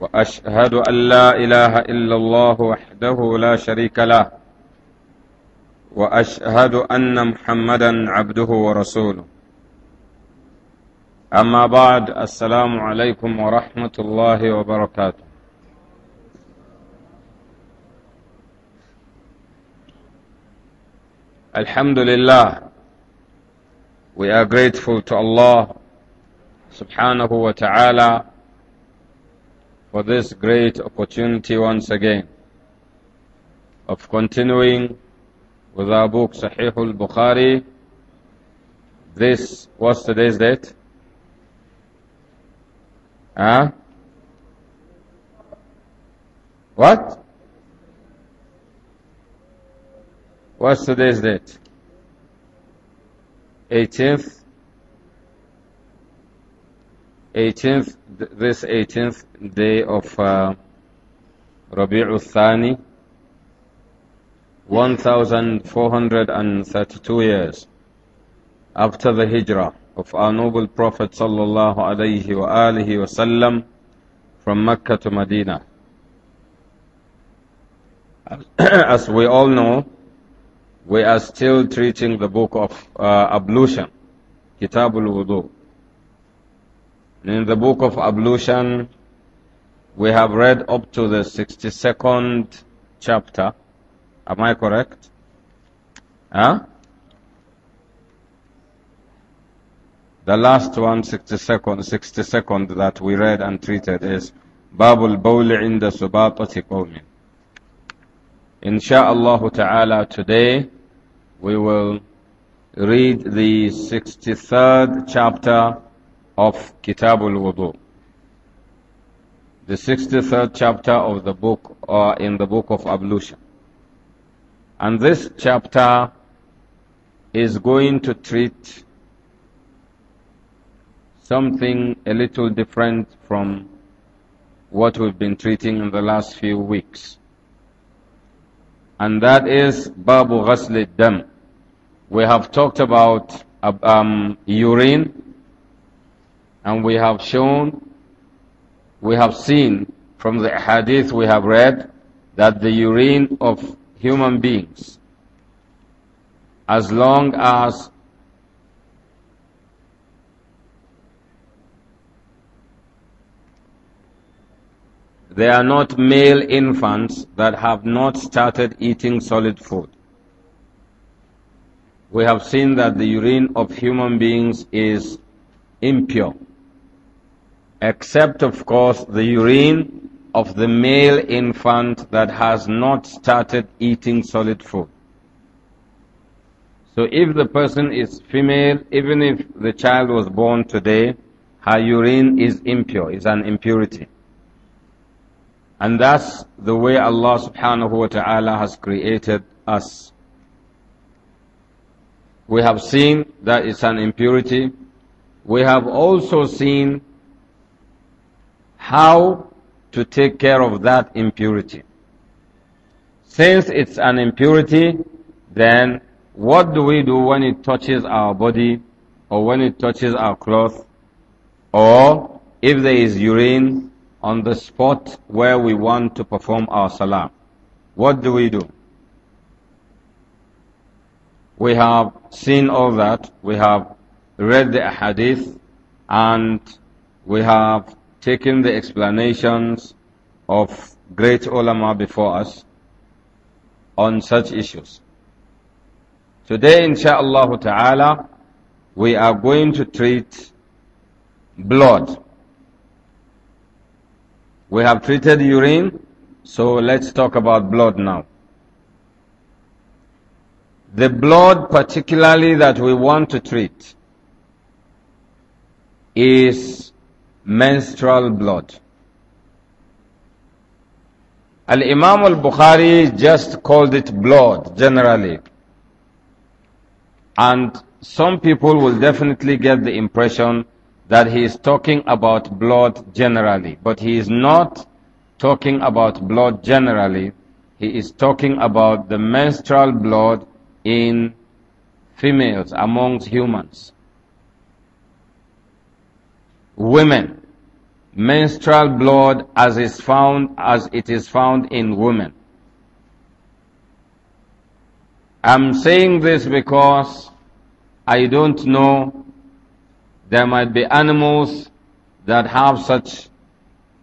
واشهد ان لا اله الا الله وحده لا شريك له واشهد ان محمدا عبده ورسوله اما بعد السلام عليكم ورحمه الله وبركاته Alhamdulillah, we are grateful to Allah subhanahu wa ta'ala for this great opportunity once again of continuing with our book Sahih al-Bukhari. This, what's today's date? Huh? What? What's today's date? 18th? 18th this 18th day of uh, al Thani, 1432 years after the hijrah of our noble Prophet sallallahu alaihi wasallam from Mecca to Medina. As we all know, we are still treating the book of uh, ablution, Kitabul Wudu. In the book of ablution, we have read up to the 62nd chapter. Am I correct? Huh? The last one, 62nd, 62nd that we read and treated is Babul Bawli inda Subaqati Qawmin. Insha'Allah ta'ala today we will read the 63rd chapter of Kitabul Wudu. The 63rd chapter of the book, or in the book of ablution. And this chapter is going to treat something a little different from what we've been treating in the last few weeks. And that is Babu Ghasl Dam. We have talked about um, urine and we have shown, we have seen from the hadith we have read that the urine of human beings, as long as they are not male infants that have not started eating solid food. We have seen that the urine of human beings is impure except of course the urine of the male infant that has not started eating solid food. So if the person is female, even if the child was born today, her urine is impure, is an impurity. And that's the way Allah subhanahu wa ta'ala has created us. We have seen that it's an impurity. We have also seen how to take care of that impurity. Since it's an impurity, then what do we do when it touches our body or when it touches our cloth or if there is urine on the spot where we want to perform our salah? What do we do? We have seen all that. We have read the hadith and we have taking the explanations of great ulama before us on such issues. Today, insha'Allah ta'ala, we are going to treat blood. We have treated urine, so let's talk about blood now. The blood particularly that we want to treat is menstrual blood. Al-Imam al-Bukhari just called it blood generally. And some people will definitely get the impression that he is talking about blood generally. But he is not talking about blood generally. He is talking about the menstrual blood in females amongst humans. Women menstrual blood as is found as it is found in women. I'm saying this because I don't know there might be animals that have such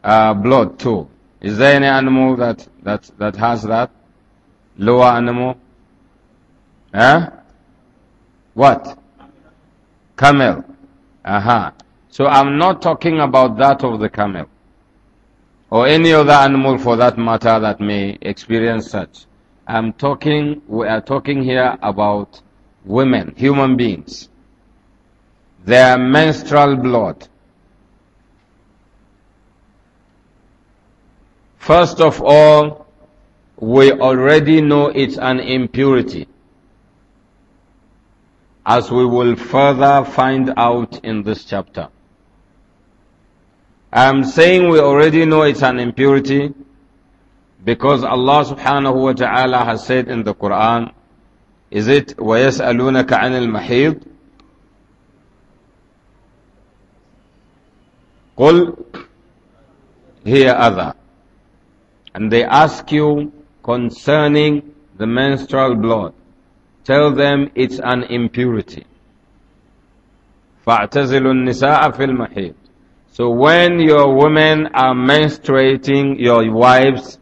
uh, blood too. Is there any animal that, that, that has that? Lower animal? Huh? What? Camel. Aha. Uh -huh. So I'm not talking about that of the camel or any other animal for that matter that may experience such. I'm talking, we are talking here about women, human beings, their menstrual blood. First of all, we already know it's an impurity, as we will further find out in this chapter. I'm saying we already know it's an impurity because Allah subhanahu wa ta'ala has said in the Quran, is it وَيَسْأَلُونَكَ عَنِ الْمَحِيضِ قُلْ هِيَ أَذَى And they ask you concerning the menstrual blood. Tell them it's an impurity. فَاعْتَزِلُوا النِّسَاءَ فِي الْمَحِيضِ so when your women are menstruating, your wives,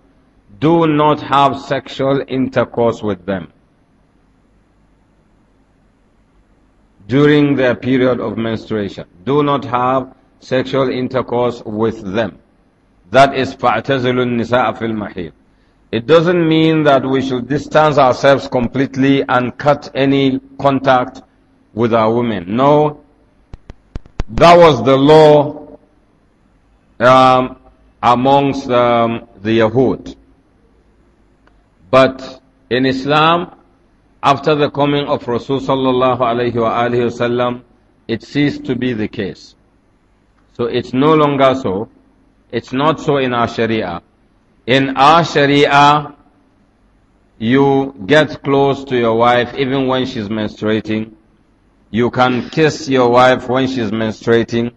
do not have sexual intercourse with them during their period of menstruation. Do not have sexual intercourse with them. That is فَاعْتَزِلُ النِّسَاءَ It doesn't mean that we should distance ourselves completely and cut any contact with our women. No. That was the law um, amongst um, the Yahud. But in Islam, after the coming of Rasulullah sallallahu it ceased to be the case. So it's no longer so. It's not so in our Sharia. In our Sharia, you get close to your wife even when she's menstruating. You can kiss your wife when she's menstruating.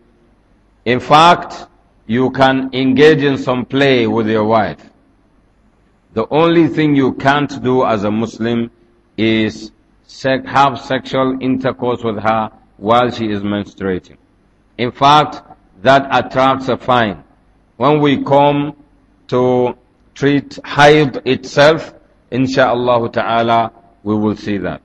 In fact, you can engage in some play with your wife. The only thing you can't do as a Muslim is have sexual intercourse with her while she is menstruating. In fact, that attracts a fine. When we come to treat hayd itself, insha'Allah ta'ala, we will see that.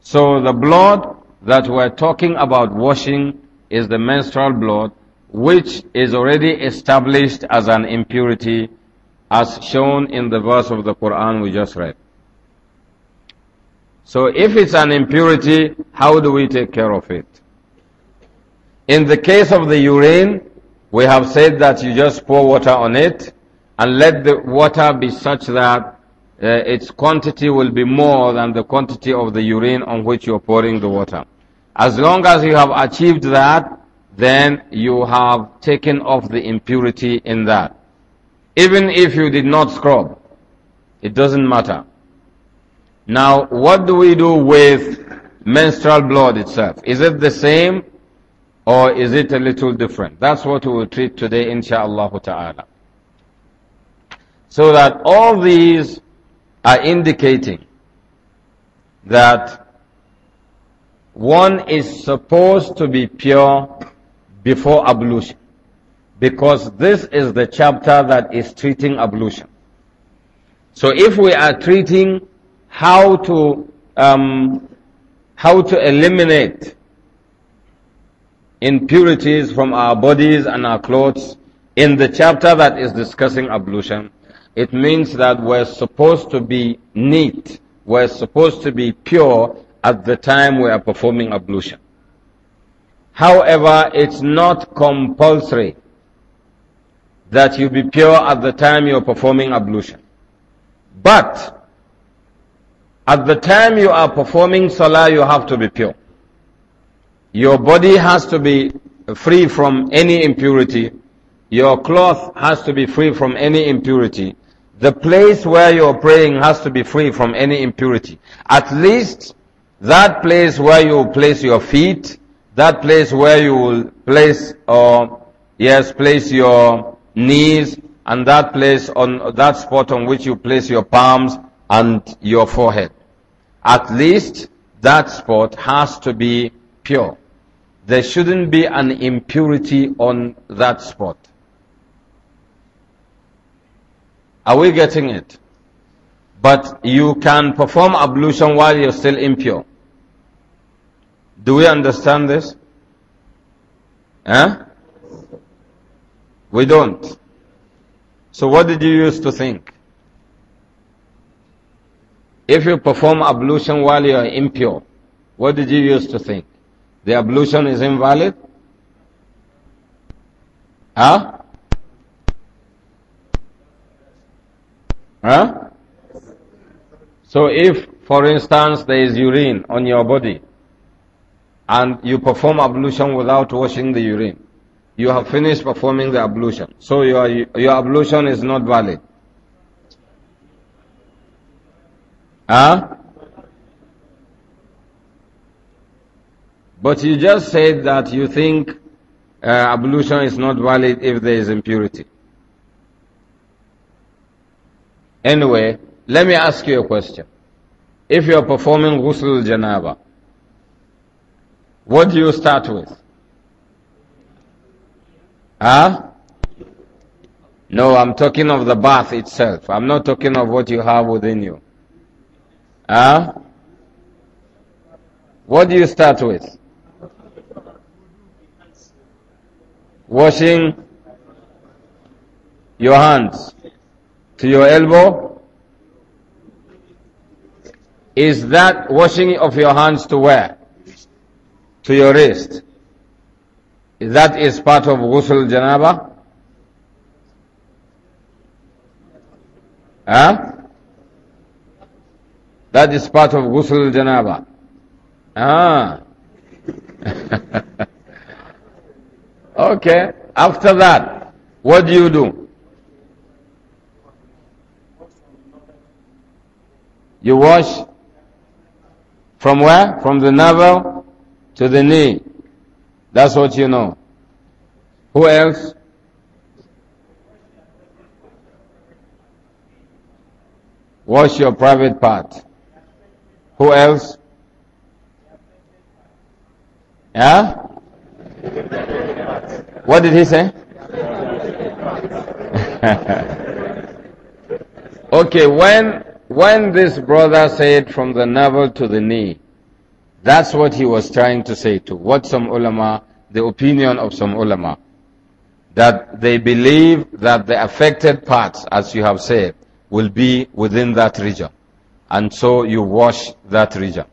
So the blood that we're talking about washing is the menstrual blood, which is already established as an impurity, as shown in the verse of the Quran we just read. So if it's an impurity, how do we take care of it? In the case of the urine, we have said that you just pour water on it and let the water be such that uh, its quantity will be more than the quantity of the urine on which you're pouring the water. As long as you have achieved that, then you have taken off the impurity in that. Even if you did not scrub, it doesn't matter. Now, what do we do with menstrual blood itself? Is it the same or is it a little different? That's what we will treat today, insha'Allah ta'ala. So that all these are indicating that one is supposed to be pure before ablution. Because this is the chapter that is treating ablution. So if we are treating how to, um, how to eliminate impurities from our bodies and our clothes in the chapter that is discussing ablution, it means that we're supposed to be neat, we're supposed to be pure at the time we are performing ablution. However, it's not compulsory that you be pure at the time you're performing ablution. But at the time you are performing salah, you have to be pure. Your body has to be free from any impurity. Your cloth has to be free from any impurity. The place where you're praying has to be free from any impurity. At least that place where you place your feet, that place where you will place, uh, yes, place your knees, and that place on that spot on which you place your palms and your forehead. At least that spot has to be pure. There shouldn't be an impurity on that spot. Are we getting it? But you can perform ablution while you're still impure. Do we understand this? Huh? We don't. So what did you used to think? If you perform ablution while you are impure, what did you used to think? The ablution is invalid? Huh? Huh? So if, for instance, there is urine on your body and you perform ablution without washing the urine, you have finished performing the ablution. So your, your ablution is not valid. Huh? But you just said that you think uh, ablution is not valid if there is impurity. Anyway, let me ask you a question. If you are performing ghusl janaba, what do you start with? Ah? Huh? No, I'm talking of the bath itself. I'm not talking of what you have within you. Ah? Huh? What do you start with? Washing your hands to your elbow? is that washing of your hands to where? To your wrist. That is part of ghusl janaba. Huh? That is part of ghusl janaba. Ah. okay. After that, what do you do? You wash from where? From the navel to the knee. That's what you know. Who else? Wash your private part. Who else? Yeah? What did he say? okay, when when this brother said from the navel to the knee, that's what he was trying to say to what some ulama, the opinion of some ulama, that they believe that the affected parts, as you have said, will be within that region. And so you wash that region.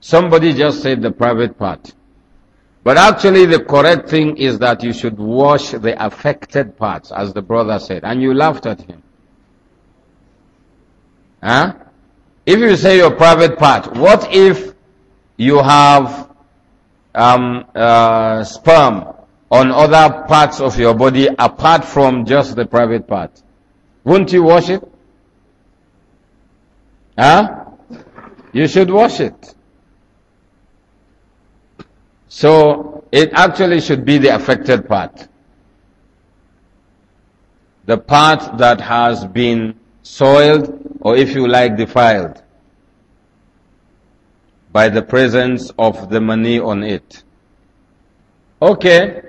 Somebody just said the private part. But actually the correct thing is that you should wash the affected parts, as the brother said. And you laughed at him. Huh? If you say your private part, what if you have um, uh, sperm on other parts of your body apart from just the private part? Wouldn't you wash it? Huh? You should wash it. So it actually should be the affected part. The part that has been soiled or if you like defiled by the presence of the money on it. Okay.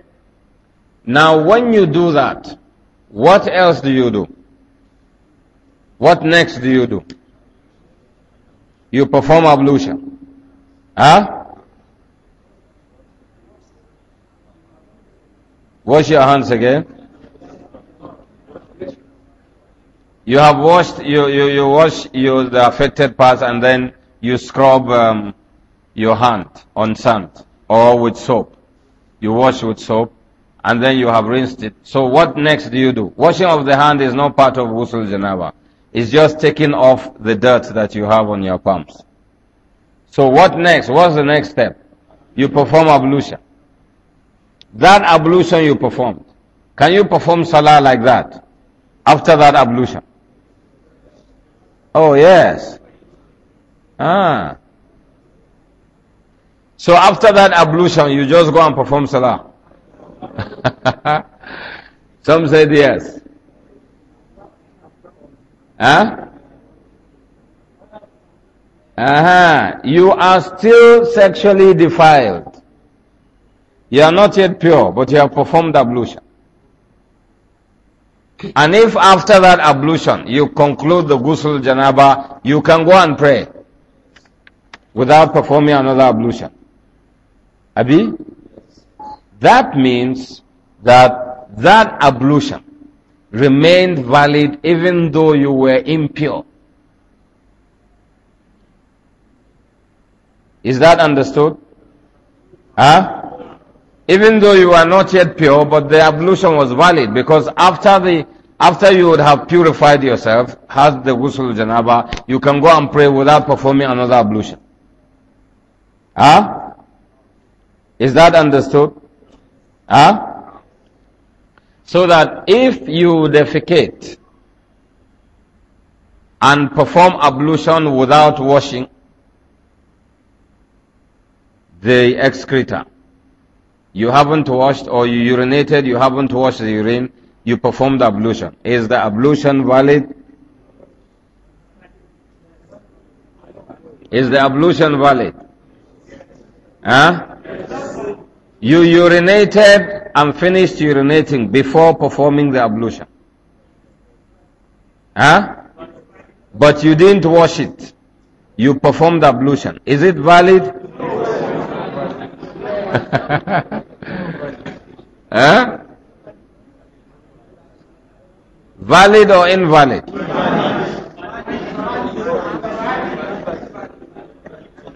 Now when you do that, what else do you do? What next do you do? You perform ablution. Huh? Wash your hands again. You have washed, you, you, you wash you, the affected parts and then you scrub um, your hand on sand or with soap. You wash with soap and then you have rinsed it. So what next do you do? Washing of the hand is not part of ghusl janaba. It's just taking off the dirt that you have on your palms. So what next? What's the next step? You perform ablution. That ablution you performed. Can you perform salah like that? After that ablution. Oh, yes. Ah. So after that ablution, you just go and perform salah. Some said yes. Huh? Uh-huh. You are still sexually defiled. You are not yet pure, but you have performed ablution. And if after that ablution you conclude the ghusl janaba, you can go and pray without performing another ablution. Abi? That means that that ablution remained valid even though you were impure. Is that understood? Huh? even though you are not yet pure, but the ablution was valid because after the after you would have purified yourself, had the ghusl janaba, you can go and pray without performing another ablution. Ah, huh? Is that understood? Ah, huh? So that if you defecate and perform ablution without washing the excreta, you haven't washed or you urinated, you haven't washed the urine, you performed ablution. Is the ablution valid? Is the ablution valid? Huh? You urinated and finished urinating before performing the ablution. Huh? But you didn't wash it. You performed ablution. Is it valid? huh? Valid or invalid?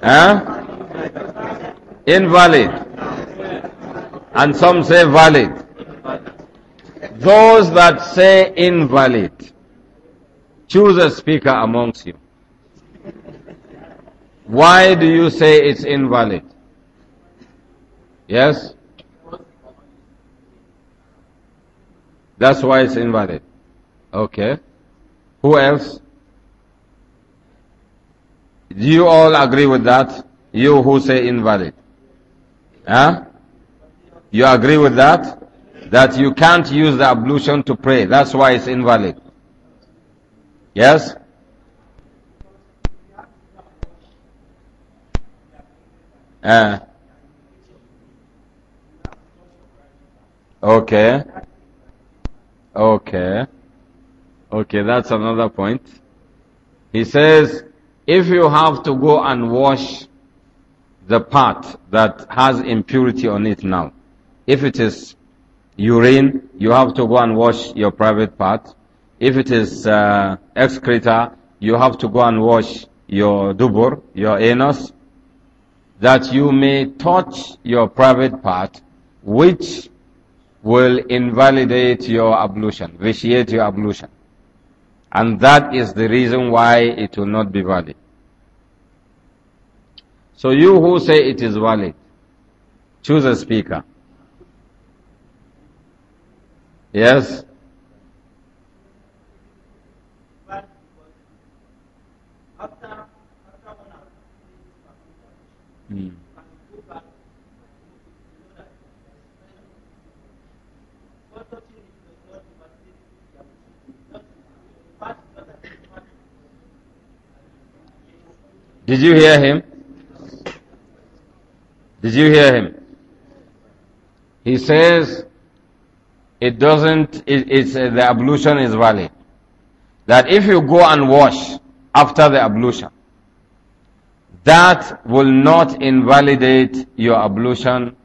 Huh? Invalid. And some say valid. Those that say invalid, choose a speaker amongst you. Why do you say it's invalid? Yes? That's why it's invalid. Okay. Who else? Do you all agree with that? You who say invalid. Huh? You agree with that? That you can't use the ablution to pray. That's why it's invalid. Yes? Uh, Okay. Okay. Okay, that's another point. He says, if you have to go and wash the part that has impurity on it now, if it is urine, you have to go and wash your private part. If it is uh, excreta, you have to go and wash your dubur, your anus, that you may touch your private part, which will invalidate your ablution, vitiate your ablution. And that is the reason why it will not be valid. So you who say it is valid, choose a speaker. Yes? Mm. Did you hear him? Did you hear him? He says it doesn't, it, it's, uh, the ablution is valid. That if you go and wash after the ablution, that will not invalidate your ablution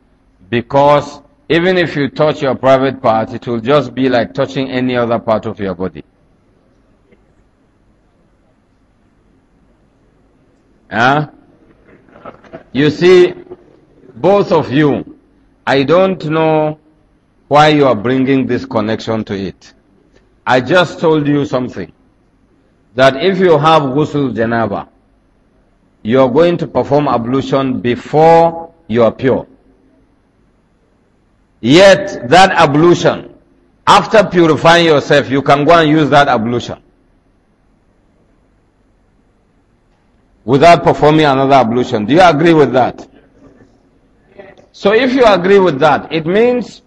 because even if you touch your private part, it will just be like touching any other part of your body. Yeah, You see, both of you, I don't know why you are bringing this connection to it. I just told you something. That if you have ghusl janaba, you are going to perform ablution before you are pure. Yet that ablution, after purifying yourself, you can go and use that ablution. without performing another ablution. Do you agree with that? So if you agree with that, it means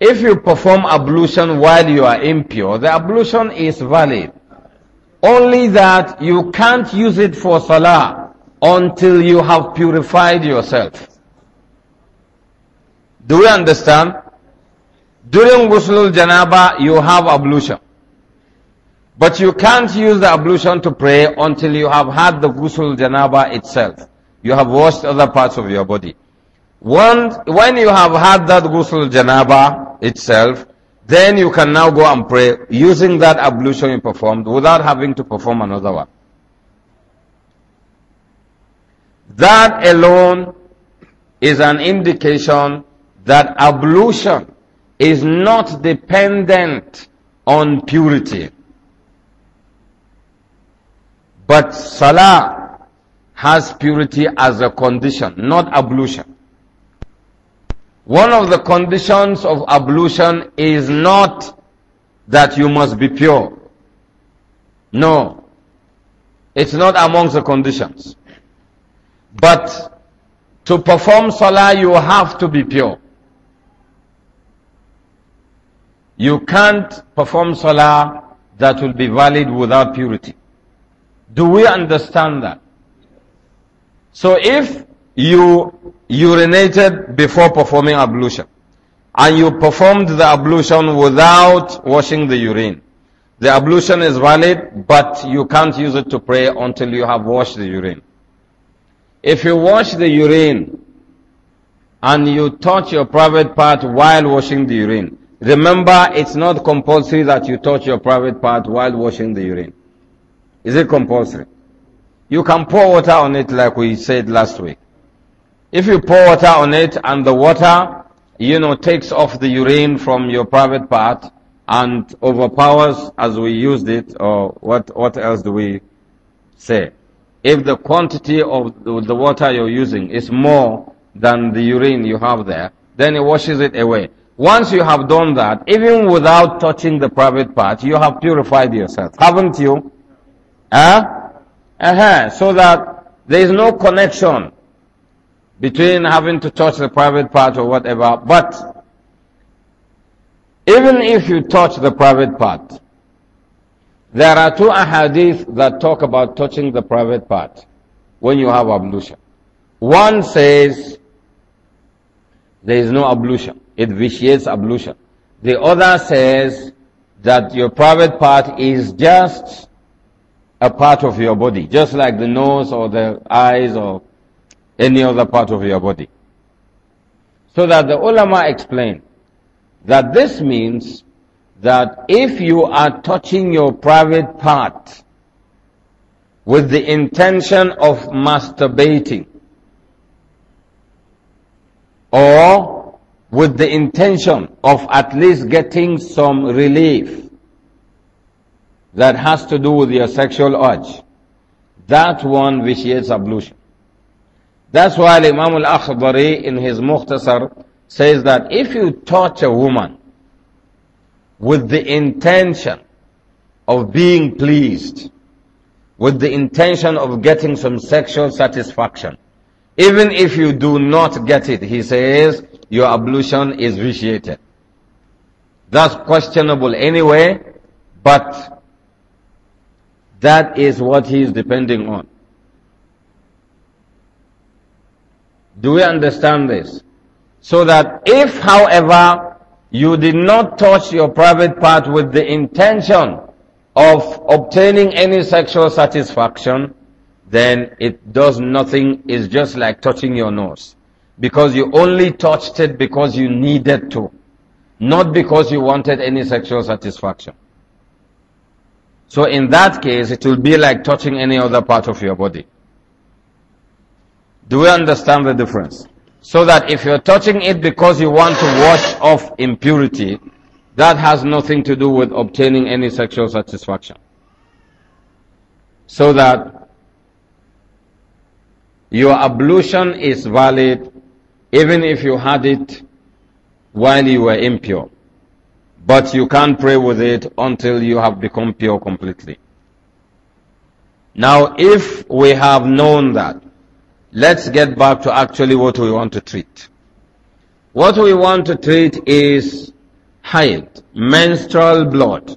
if you perform ablution while you are impure, the ablution is valid. Only that you can't use it for salah until you have purified yourself. Do we understand? During Ghuslul Janaba, you have ablution. But you can't use the ablution to pray until you have had the ghusl janaba itself. You have washed other parts of your body. Once, when you have had that ghusl janaba itself, then you can now go and pray using that ablution you performed without having to perform another one. That alone is an indication that ablution is not dependent on purity. But salah has purity as a condition, not ablution. One of the conditions of ablution is not that you must be pure. No. It's not amongst the conditions. But to perform salah, you have to be pure. You can't perform salah that will be valid without purity. Do we understand that? So if you urinated before performing ablution, and you performed the ablution without washing the urine, the ablution is valid, but you can't use it to pray until you have washed the urine. If you wash the urine and you touch your private part while washing the urine, remember it's not compulsory that you touch your private part while washing the urine. Is it compulsory? You can pour water on it like we said last week. If you pour water on it and the water, you know, takes off the urine from your private part and overpowers as we used it, or what, what else do we say? If the quantity of the water you're using is more than the urine you have there, then it washes it away. Once you have done that, even without touching the private part, you have purified yourself, haven't you? Huh? Uh-huh. So that there is no connection between having to touch the private part or whatever. But even if you touch the private part, there are two ahadith that talk about touching the private part when you have ablution. One says there is no ablution. It vitiates ablution. The other says that your private part is just a part of your body, just like the nose or the eyes or any other part of your body. So that the ulama explain that this means that if you are touching your private part with the intention of masturbating or with the intention of at least getting some relief that has to do with your sexual urge, that one vitiates ablution. That's why Imam al akhbari in his Muhtasar, says that if you touch a woman with the intention of being pleased, with the intention of getting some sexual satisfaction, even if you do not get it, he says, your ablution is vitiated. That's questionable anyway, but that is what he is depending on. Do we understand this? So that if, however, you did not touch your private part with the intention of obtaining any sexual satisfaction, then it does nothing. It's just like touching your nose. Because you only touched it because you needed to. Not because you wanted any sexual satisfaction. So in that case, it will be like touching any other part of your body. Do we understand the difference? So that if you're touching it because you want to wash off impurity, that has nothing to do with obtaining any sexual satisfaction. So that your ablution is valid even if you had it while you were impure. But you can't pray with it until you have become pure completely. Now, if we have known that, let's get back to actually what we want to treat. What we want to treat is hayat, menstrual blood.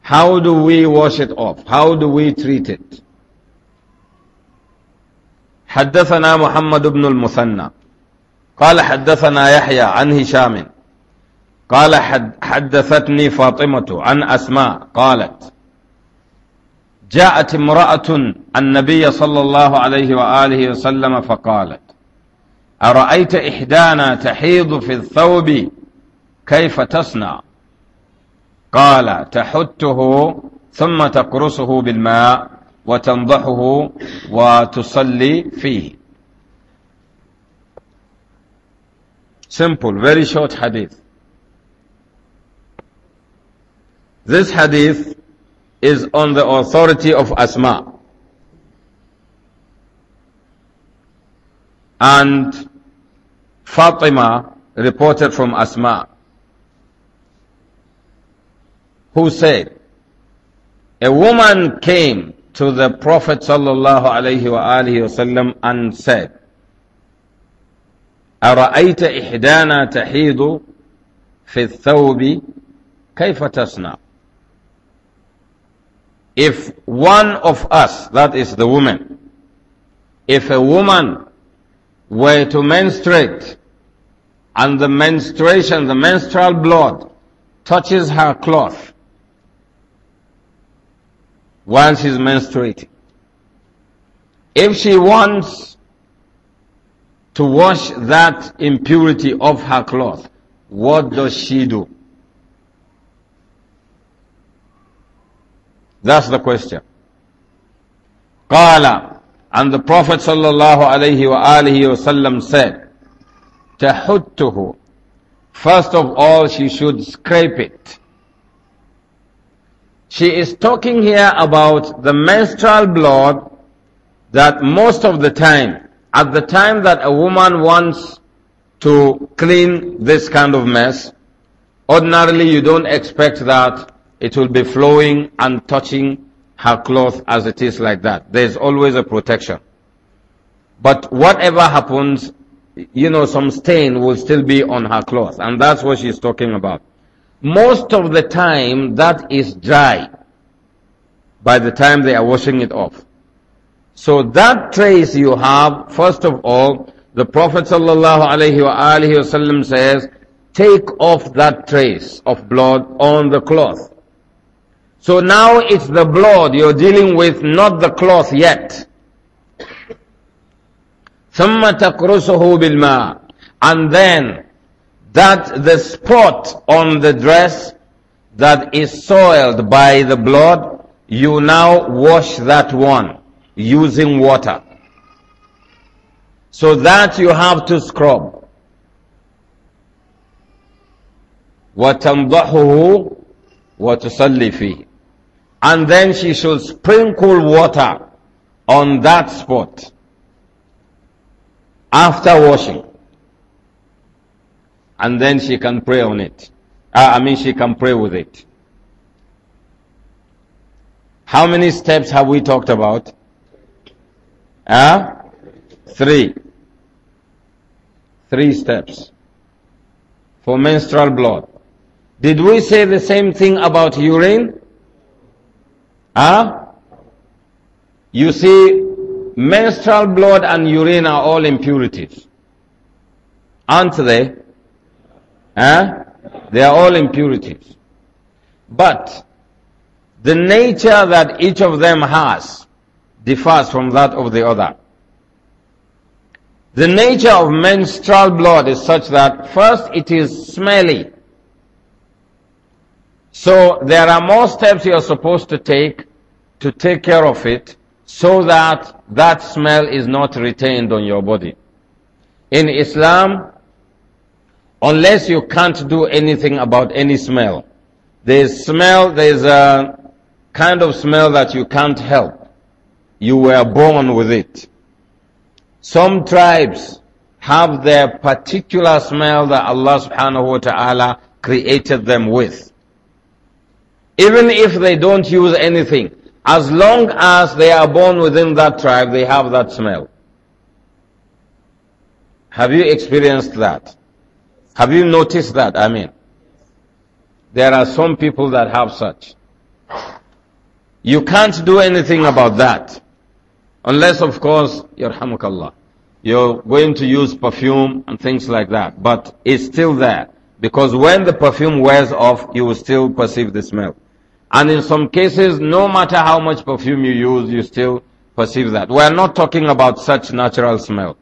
How do we wash it off? How do we treat it? حدثنا محمد بن المثنى قال حدثنا يحيى عن هشام قال حد حدثتني فاطمة عن أسماء قالت جاءت امرأة النبي صلى الله عليه وآله وسلم فقالت أرأيت إحدانا تحيض في الثوب كيف تصنع قال تحته ثم تقرصه بالماء وتنضحه وتصلي فيه simple very short hadith This hadith is on the authority of Asma. And Fatima reported from Asma, who said, a woman came to the Prophet sallallahu alayhi wa alihi wasallam and said, أرأيت إحدانا تحيض في الثوب كيف تصنع؟ if one of us, that is the woman, if a woman were to menstruate and the menstruation, the menstrual blood touches her cloth while she's menstruating. If she wants to wash that impurity off her cloth, what does she do? That's the question. Qala, and the Prophet sallallahu alaihi wasallam said, Tahuttuhu. First of all, she should scrape it. She is talking here about the menstrual blood that most of the time, at the time that a woman wants to clean this kind of mess, ordinarily you don't expect that it will be flowing and touching her cloth as it is like that. There's always a protection. But whatever happens, you know, some stain will still be on her cloth. And that's what she's talking about. Most of the time, that is dry by the time they are washing it off. So that trace you have, first of all, the Prophet ﷺ says, take off that trace of blood on the cloth. So now it's the blood you're dealing with, not the cloth yet. ثم بالماء and then that the spot on the dress that is soiled by the blood you now wash that one using water so that you have to scrub وتنضحه وتصلي فيه and then she should sprinkle water on that spot after washing. And then she can pray on it. Uh, I mean, she can pray with it. How many steps have we talked about? Ah, uh, Three. Three steps for menstrual blood. Did we say the same thing about urine? Huh? You see, menstrual blood and urine are all impurities. Aren't they? Huh? They are all impurities. But the nature that each of them has differs from that of the other. The nature of menstrual blood is such that first it is smelly. So there are more steps you are supposed to take to take care of it so that that smell is not retained on your body. In Islam, unless you can't do anything about any smell, there's smell, there's a kind of smell that you can't help. You were born with it. Some tribes have their particular smell that Allah subhanahu wa ta'ala created them with. Even if they don't use anything, as long as they are born within that tribe, they have that smell. Have you experienced that? Have you noticed that? I mean, there are some people that have such. You can't do anything about that. Unless, of course, yarhamukallah, you're going to use perfume and things like that. But it's still there. Because when the perfume wears off, you will still perceive the smell. And in some cases, no matter how much perfume you use, you still perceive that. We are not talking about such natural smell.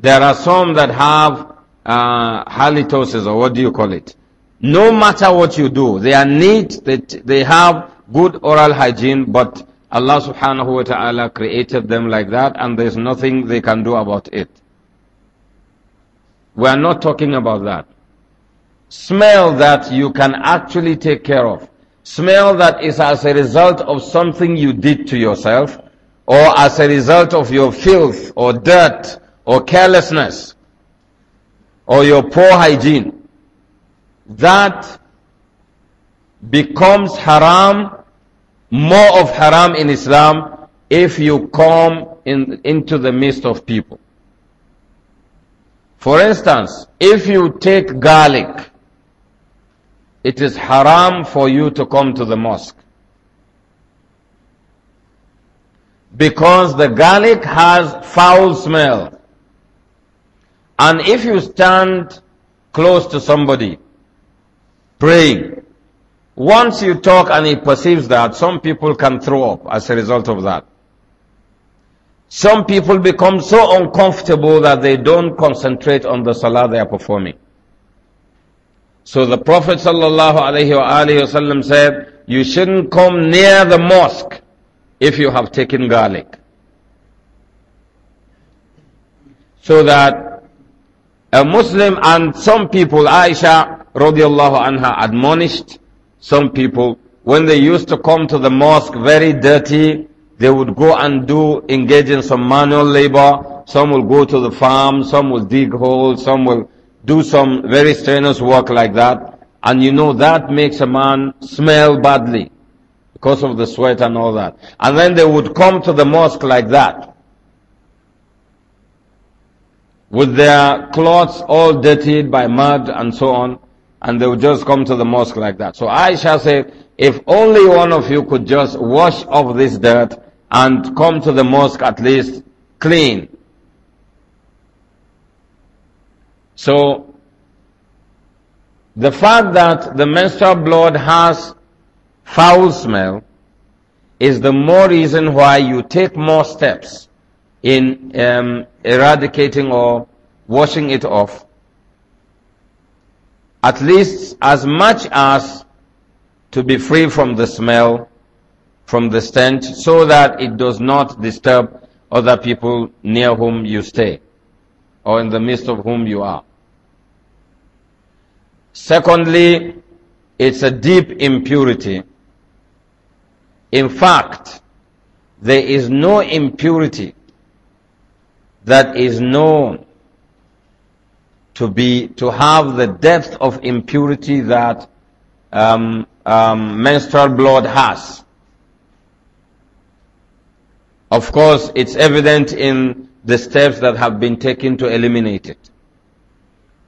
There are some that have uh, halitosis, or what do you call it? No matter what you do, they are neat, they, they have good oral hygiene, but Allah subhanahu wa ta'ala created them like that, and there's nothing they can do about it. We are not talking about that. Smell that you can actually take care of. Smell that is as a result of something you did to yourself or as a result of your filth or dirt or carelessness or your poor hygiene. That becomes haram, more of haram in Islam if you come in, into the midst of people. For instance, if you take garlic it is haram for you to come to the mosque. Because the garlic has foul smell. And if you stand close to somebody praying, once you talk and he perceives that, some people can throw up as a result of that. Some people become so uncomfortable that they don't concentrate on the salah they are performing. So the Prophet said, you shouldn't come near the mosque if you have taken garlic. So that a Muslim and some people, Aisha radiallahu anha admonished some people when they used to come to the mosque very dirty, they would go and do engage in some manual labor. Some will go to the farm, some will dig holes, some will do some very strenuous work like that, and you know that makes a man smell badly because of the sweat and all that. And then they would come to the mosque like that, with their clothes all dirtied by mud and so on, and they would just come to the mosque like that. So I shall say, if only one of you could just wash off this dirt and come to the mosque at least clean. So, the fact that the menstrual blood has foul smell is the more reason why you take more steps in um, eradicating or washing it off. At least as much as to be free from the smell, from the stench, so that it does not disturb other people near whom you stay or in the midst of whom you are. Secondly, it's a deep impurity. In fact, there is no impurity that is known to be, to have the depth of impurity that um, um, menstrual blood has. Of course, it's evident in the steps that have been taken to eliminate it.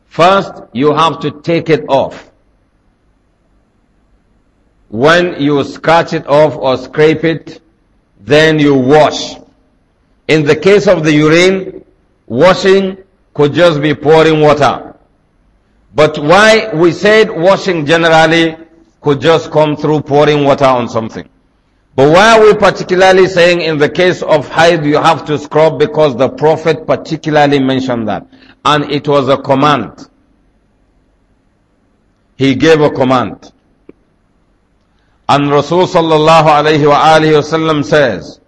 First, you have to take it off. When you scratch it off or scrape it, then you wash. In the case of the urine, washing could just be pouring water. But why we said washing generally could just come through pouring water on something. But why are we particularly saying in the case of Haid you have to scrub because the Prophet particularly mentioned that. And it was a command. He gave a command. And Rasul sallallahu alayhi wa alihi wasallam says,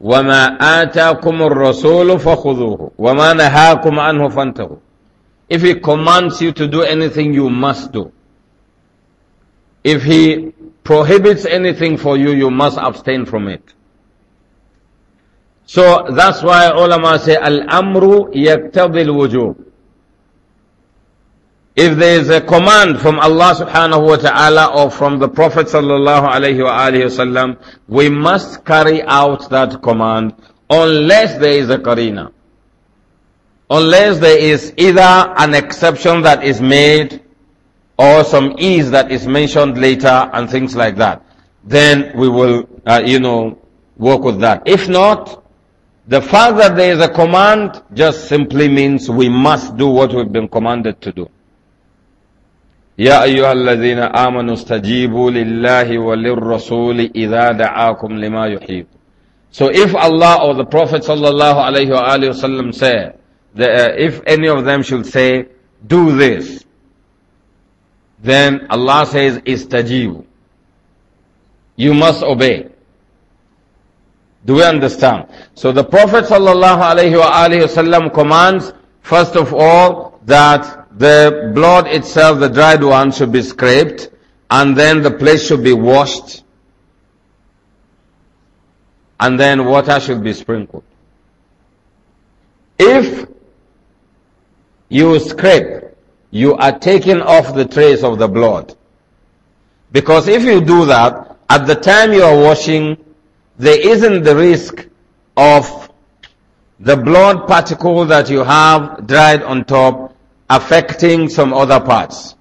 وَمَا آتَاكُمُ الرَّسُولُ فَخُذُوهُ وَمَا نَهَاكُمْ عَنْهُ فَانْتَهُ If he commands you to do anything, you must do. If he prohibits anything for you, you must abstain from it. So that's why ulama say, Al-amru yaktabil wujub. If there is a command from Allah subhanahu wa ta'ala or from the Prophet sallallahu alayhi wa alayhi wasallam, we must carry out that command unless there is a karina. Unless there is either an exception that is made or some ease that is mentioned later and things like that. Then we will, uh, you know, work with that. If not, the fact that there is a command just simply means we must do what we've been commanded to do. يا أيها الذين آمنوا استجيبوا لله وللرسول إذا دعاكم لما يحيب. So if Allah or the Prophet sallallahu alayhi wa sallam say, uh, if any of them should say, do this, then Allah says, Istajib. You must obey. Do we understand? So the Prophet sallallahu commands, first of all, that the blood itself, the dried one, should be scraped, and then the place should be washed, and then water should be sprinkled. If you scrape you are taking off the trace of the blood. Because if you do that, at the time you are washing, there isn't the risk of the blood particle that you have dried on top affecting some other parts.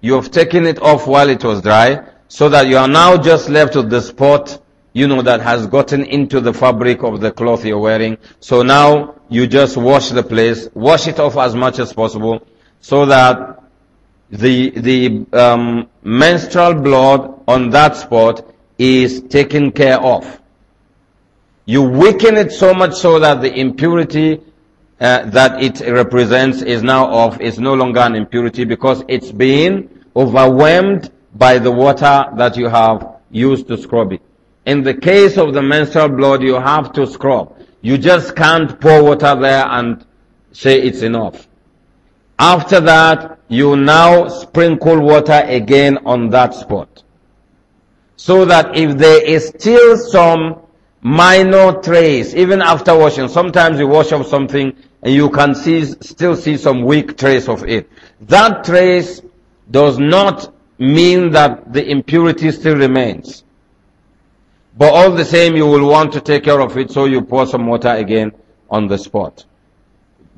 You have taken it off while it was dry, so that you are now just left with the spot, you know, that has gotten into the fabric of the cloth you're wearing. So now you just wash the place, wash it off as much as possible, so that the, the um, menstrual blood on that spot is taken care of. You weaken it so much so that the impurity uh, that it represents is now off, It's no longer an impurity because it's been overwhelmed by the water that you have used to scrub it. In the case of the menstrual blood, you have to scrub. You just can't pour water there and say it's enough. After that, you now sprinkle water again on that spot. So that if there is still some minor trace, even after washing, sometimes you wash off something and you can see, still see some weak trace of it. That trace does not mean that the impurity still remains. But all the same, you will want to take care of it, so you pour some water again on the spot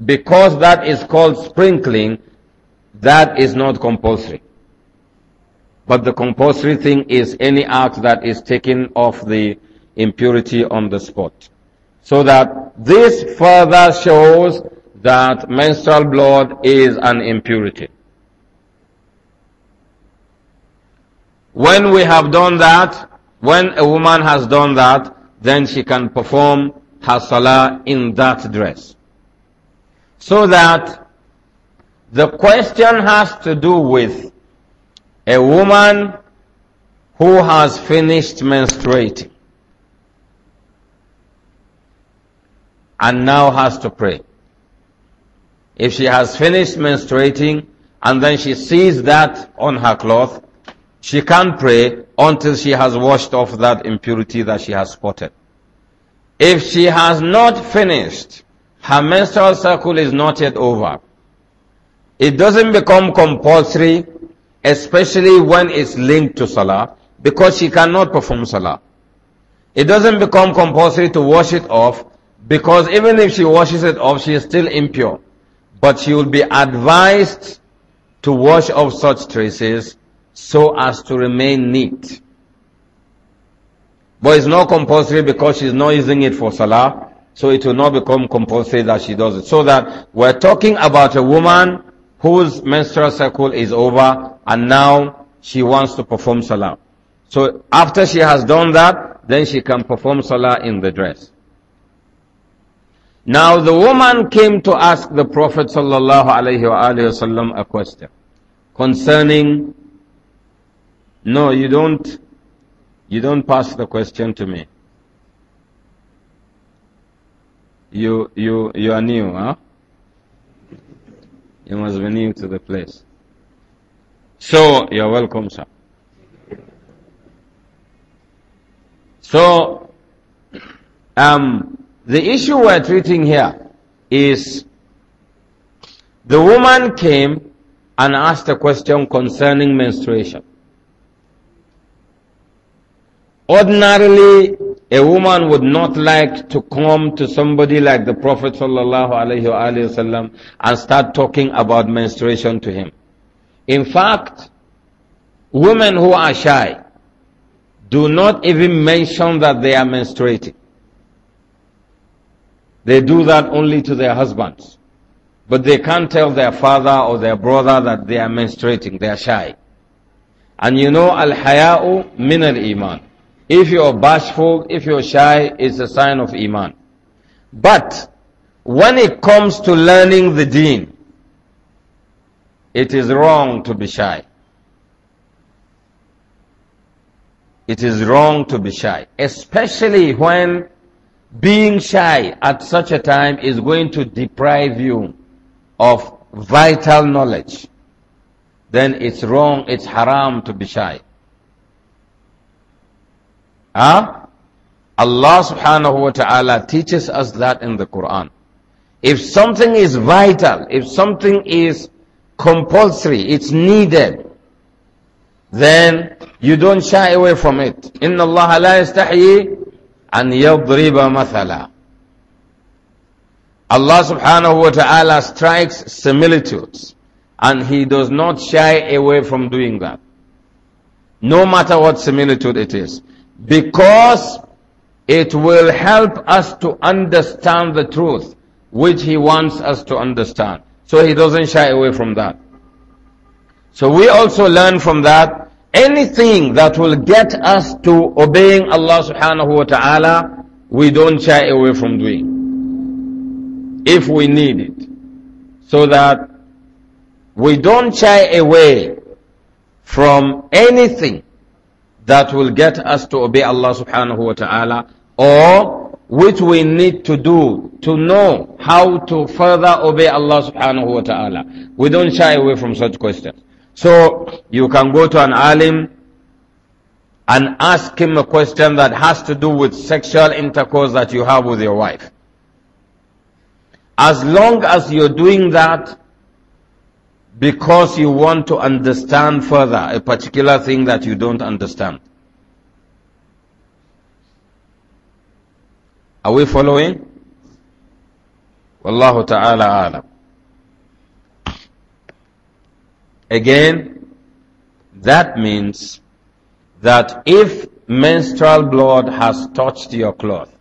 because that is called sprinkling, that is not compulsory. But the compulsory thing is any act that is taken off the impurity on the spot. So that this further shows that menstrual blood is an impurity. When we have done that, when a woman has done that, then she can perform her salah in that dress. So that the question has to do with a woman who has finished menstruating and now has to pray. If she has finished menstruating and then she sees that on her cloth, she can't pray until she has washed off that impurity that she has spotted. If she has not finished her menstrual cycle is not yet over. It doesn't become compulsory, especially when it's linked to Salah, because she cannot perform Salah. It doesn't become compulsory to wash it off, because even if she washes it off, she is still impure. But she will be advised to wash off such traces so as to remain neat. But it's not compulsory because she's not using it for Salah so it will not become compulsory that she does it. So that we're talking about a woman whose menstrual cycle is over and now she wants to perform salah. So after she has done that, then she can perform salah in the dress. Now the woman came to ask the Prophet sallallahu alaihi wasallam a question concerning, no, you don't, you don't pass the question to me. You, you, you are new, huh? You must be new to the place. So, you're welcome, sir. So, um, the issue we're treating here is the woman came and asked a question concerning menstruation. Ordinarily, a woman would not like to come to somebody like the Prophet sallallahu and start talking about menstruation to him. In fact, women who are shy do not even mention that they are menstruating. They do that only to their husbands. But they can't tell their father or their brother that they are menstruating. They are shy. And you know, al-haya'u min al-iman. If you're bashful, if you're shy, it's a sign of Iman. But when it comes to learning the deen, it is wrong to be shy. It is wrong to be shy, especially when being shy at such a time is going to deprive you of vital knowledge. Then it's wrong, it's haram to be shy. Huh? Allah subhanahu wa ta'ala teaches us that in the Quran. If something is vital, if something is compulsory, it's needed, then you don't shy away from it. Inna Allah la yastahi an yadriba mathala. Allah subhanahu wa ta'ala strikes similitudes and he does not shy away from doing that. No matter what similitude it is because it will help us to understand the truth which he wants us to understand. So he doesn't shy away from that. So we also learn from that anything that will get us to obeying Allah subhanahu wa ta'ala, we don't shy away from doing. If we need it. So that we don't shy away from anything that will get us to obey Allah subhanahu wa ta'ala or which we need to do to know how to further obey Allah subhanahu wa ta'ala. We don't shy away from such questions. So you can go to an alim and ask him a question that has to do with sexual intercourse that you have with your wife. As long as you're doing that, because you want to understand further a particular thing that you don't understand. Are we following? Wallahu ta'ala alam. Again, that means that if menstrual blood has touched your cloth,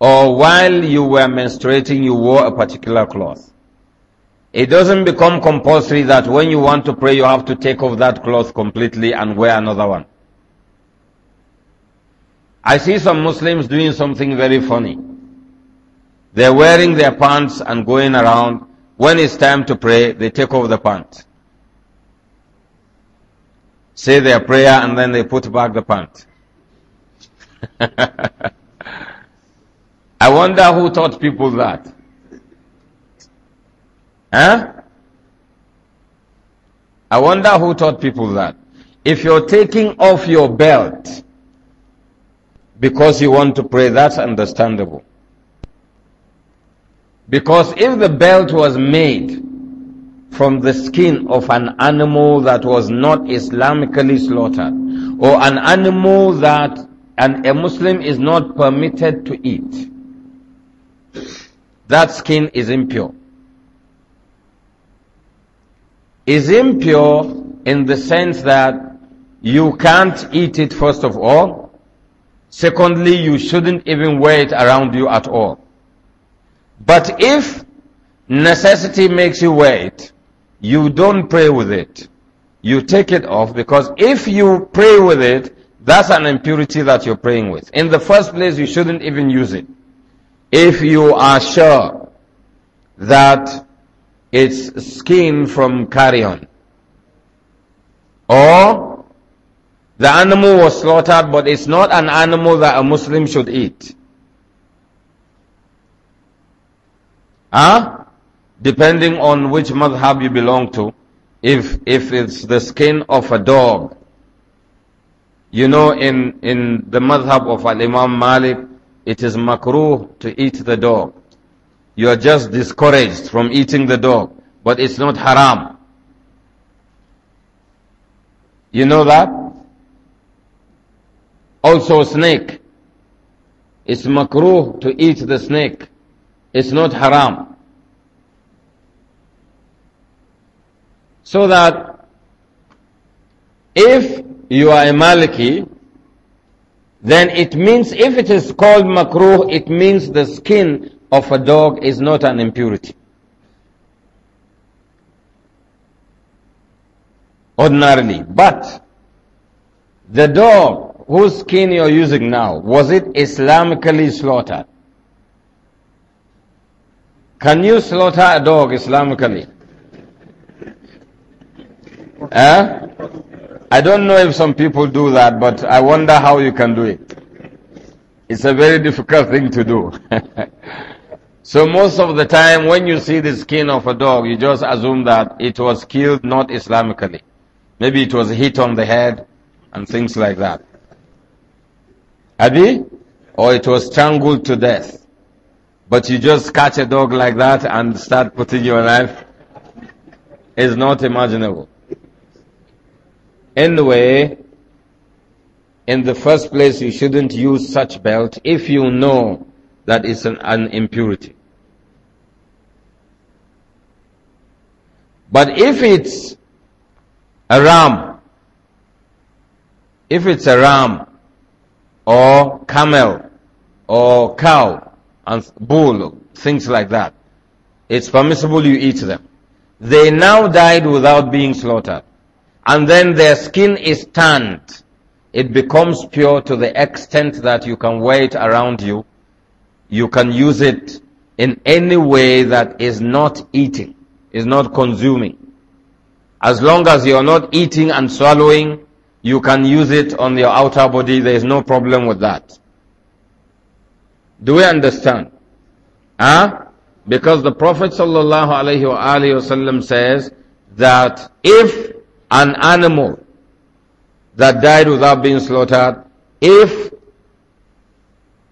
or while you were menstruating you wore a particular cloth, it doesn't become compulsory that when you want to pray, you have to take off that cloth completely and wear another one. I see some Muslims doing something very funny. They're wearing their pants and going around. When it's time to pray, they take off the pants. Say their prayer and then they put back the pants. I wonder who taught people that. Huh? I wonder who taught people that. If you're taking off your belt because you want to pray, that's understandable. Because if the belt was made from the skin of an animal that was not Islamically slaughtered, or an animal that an, a Muslim is not permitted to eat, that skin is impure is impure in the sense that you can't eat it first of all. Secondly, you shouldn't even wear it around you at all. But if necessity makes you wear it, you don't pray with it. You take it off because if you pray with it, that's an impurity that you're praying with. In the first place, you shouldn't even use it. If you are sure that its skin from carrion. Or the animal was slaughtered, but it's not an animal that a Muslim should eat. Huh? Ah? Depending on which madhab you belong to, if, if it's the skin of a dog, you know in, in the madhab of Al-Imam Malik, it is makruh to eat the dog. You are just discouraged from eating the dog, but it's not haram. You know that? Also snake. It's makruh to eat the snake. It's not haram. So that if you are a Maliki, then it means if it is called makruh, it means the skin of a dog is not an impurity. Ordinarily. But the dog whose skin you're using now, was it Islamically slaughtered? Can you slaughter a dog Islamically? Huh? Eh? I don't know if some people do that, but I wonder how you can do it. It's a very difficult thing to do. So most of the time when you see the skin of a dog, you just assume that it was killed not Islamically. Maybe it was hit on the head and things like that. Abi? Or it was strangled to death. But you just catch a dog like that and start putting your knife. is not imaginable. Anyway, in the first place, you shouldn't use such belt if you know that is an, an impurity. But if it's a ram, if it's a ram or camel or cow and bull, things like that, it's permissible you eat them. They now died without being slaughtered. And then their skin is tanned. It becomes pure to the extent that you can wear it around you you can use it in any way that is not eating, is not consuming. As long as you're not eating and swallowing, you can use it on your outer body. There is no problem with that. Do we understand? Huh? Because the Prophet sallallahu alaihi wasallam says that if an animal that died without being slaughtered, if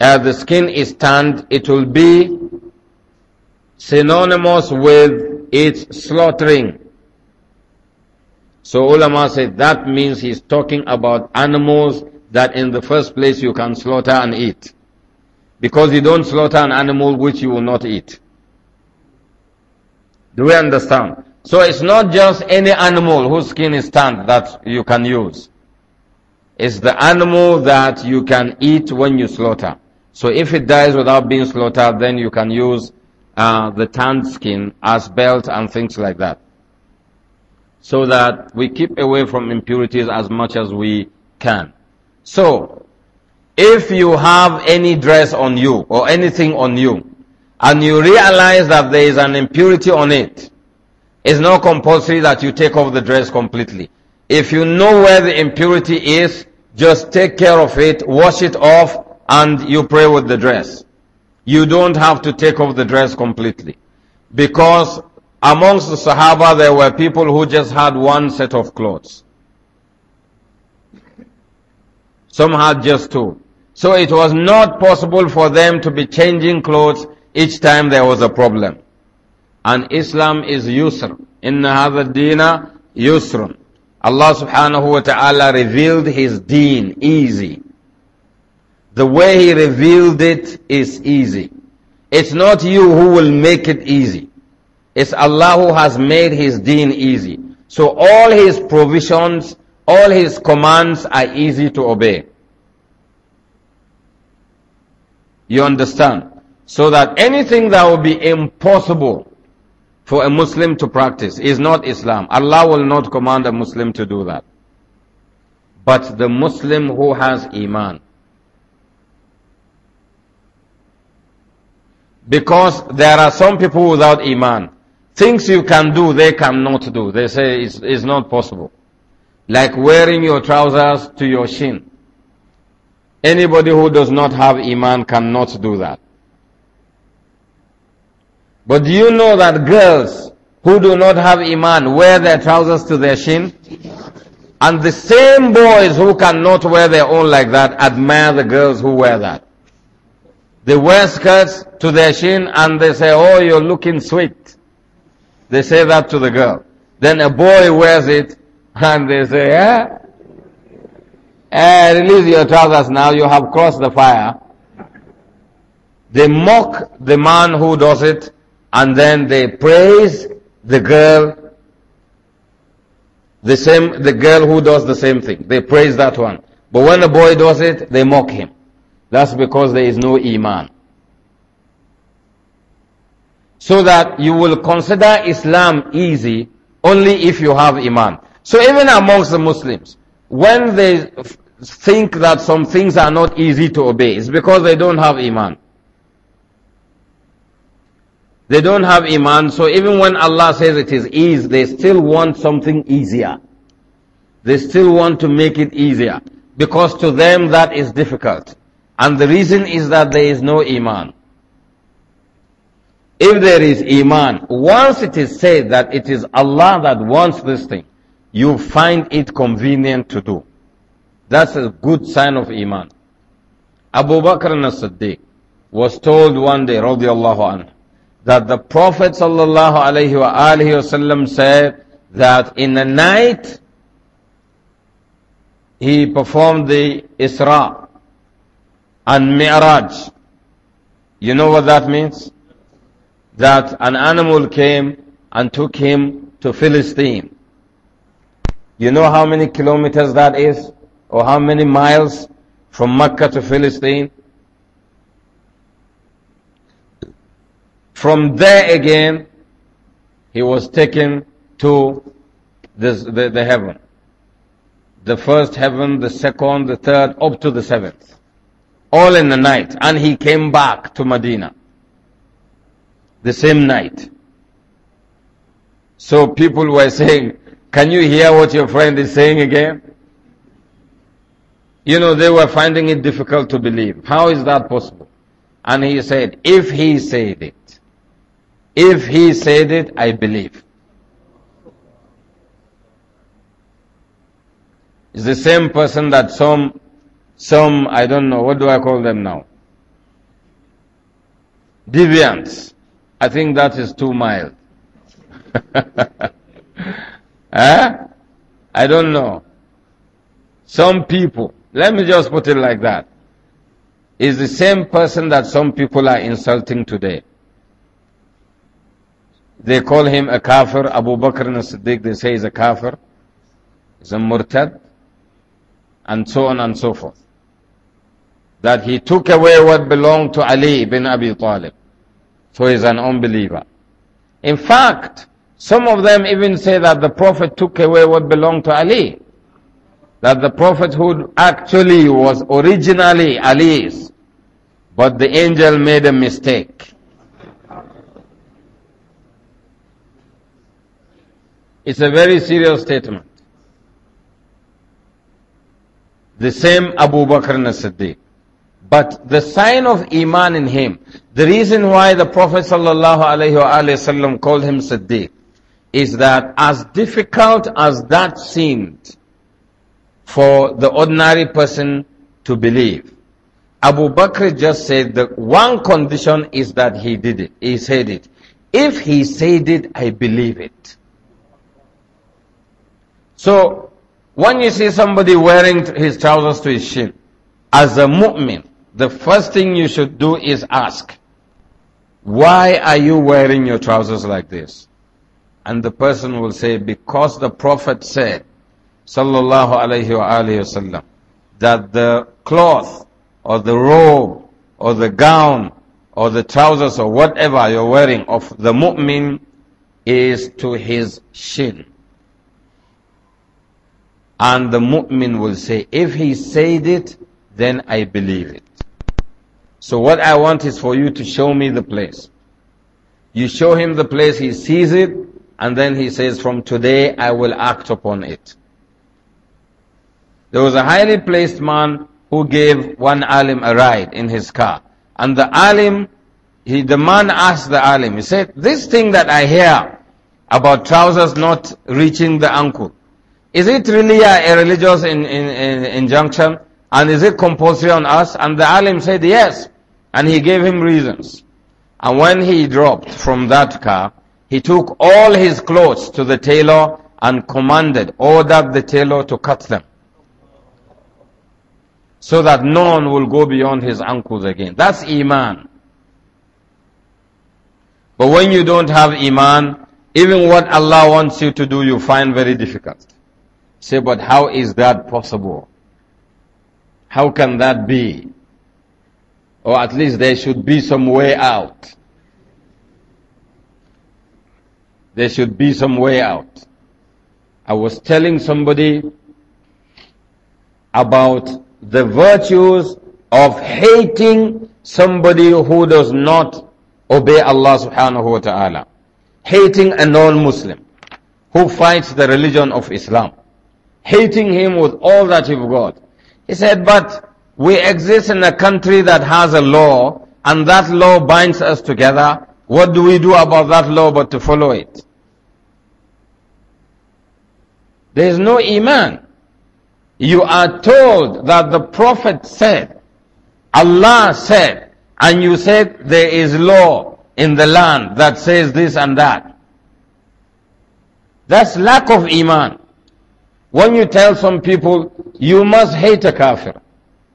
as uh, the skin is tanned, it will be synonymous with its slaughtering. So ulama said that means he's talking about animals that in the first place you can slaughter and eat. Because you don't slaughter an animal which you will not eat. Do we understand? So it's not just any animal whose skin is tanned that you can use. It's the animal that you can eat when you slaughter. So if it dies without being slaughtered, then you can use uh, the tanned skin as belt and things like that. So that we keep away from impurities as much as we can. So, if you have any dress on you or anything on you, and you realize that there is an impurity on it, it's not compulsory that you take off the dress completely. If you know where the impurity is, just take care of it, wash it off, and you pray with the dress. You don't have to take off the dress completely. Because amongst the Sahaba, there were people who just had one set of clothes. Some had just two. So it was not possible for them to be changing clothes each time there was a problem. And Islam is yusr. Inna hadha dina yusrun. Allah subhanahu wa ta'ala revealed his deen easy. The way he revealed it is easy. It's not you who will make it easy. It's Allah who has made his deen easy. So all his provisions, all his commands are easy to obey. You understand? So that anything that will be impossible for a Muslim to practice is not Islam. Allah will not command a Muslim to do that. But the Muslim who has Iman, Because there are some people without Iman. Things you can do, they cannot do. They say it's, it's not possible. Like wearing your trousers to your shin. Anybody who does not have Iman cannot do that. But do you know that girls who do not have Iman wear their trousers to their shin? And the same boys who cannot wear their own like that admire the girls who wear that the waistcoats to their shin and they say, oh, you're looking sweet. They say that to the girl. Then a boy wears it and they say, eh? eh release your trousers now, you have crossed the fire. They mock the man who does it and then they praise the girl, the same, the girl who does the same thing. They praise that one. But when a boy does it, they mock him. That's because there is no Iman. So that you will consider Islam easy only if you have Iman. So even amongst the Muslims, when they think that some things are not easy to obey, it's because they don't have Iman. They don't have Iman, so even when Allah says it is easy, they still want something easier. They still want to make it easier. Because to them that is difficult. And the reason is that there is no Iman. If there is Iman, once it is said that it is Allah that wants this thing, you find it convenient to do. That's a good sign of Iman. Abu Bakr as-Siddiq was told one day, radiallahu anhu, that the Prophet sallallahu alayhi wa wasallam said that in the night he performed the Isra, and Mi'raj. You know what that means? That an animal came and took him to Philistine. You know how many kilometers that is? Or how many miles from Mecca to Philistine? From there again, he was taken to this, the, the heaven. The first heaven, the second, the third, up to the seventh all in the night. And he came back to Medina the same night. So people were saying, Can you hear what your friend is saying again? You know, they were finding it difficult to believe. How is that possible? And he said, If he said it, if he said it, I believe. It's the same person that some some, I don't know, what do I call them now? Deviants. I think that is too mild. eh? I don't know. Some people, let me just put it like that, is the same person that some people are insulting today. They call him a kafir, Abu Bakr and Siddiq, they say he's a kafir, he's a murtad, and so on and so forth that he took away what belonged to Ali bin Abi Talib. So he's an unbeliever. In fact, some of them even say that the Prophet took away what belonged to Ali. That the prophethood actually was originally Ali's. But the angel made a mistake. It's a very serious statement. The same Abu Bakr as-Siddiq. But the sign of Iman in him, the reason why the Prophet ﷺ called him Siddiq, is that as difficult as that seemed for the ordinary person to believe, Abu Bakr just said the one condition is that he did it, he said it. If he said it, I believe it. So, when you see somebody wearing his trousers to his shin, as a mu'min, the first thing you should do is ask, why are you wearing your trousers like this? And the person will say, because the Prophet said, sallallahu alayhi wa alayhi wa that the cloth or the robe or the gown or the trousers or whatever you're wearing of the mu'min is to his shin. And the mu'min will say, if he said it, then I believe it. So what I want is for you to show me the place. You show him the place, he sees it, and then he says, from today I will act upon it. There was a highly placed man who gave one alim a ride in his car. And the alim, he, the man asked the alim, he said, this thing that I hear about trousers not reaching the ankle, is it really a, a religious in, in, in, injunction? And is it compulsory on us? And the alim said, yes. And he gave him reasons. And when he dropped from that car, he took all his clothes to the tailor and commanded, ordered the tailor to cut them. So that no one will go beyond his ankles again. That's Iman. But when you don't have Iman, even what Allah wants you to do, you find very difficult. Say, but how is that possible? How can that be? Or at least there should be some way out. There should be some way out. I was telling somebody about the virtues of hating somebody who does not obey Allah subhanahu wa ta'ala. Hating a non-Muslim who fights the religion of Islam. Hating him with all that you've got. He said, but we exist in a country that has a law and that law binds us together. What do we do about that law but to follow it? There is no Iman. You are told that the Prophet said, Allah said, and you said there is law in the land that says this and that. That's lack of Iman. When you tell some people, you must hate a kafir.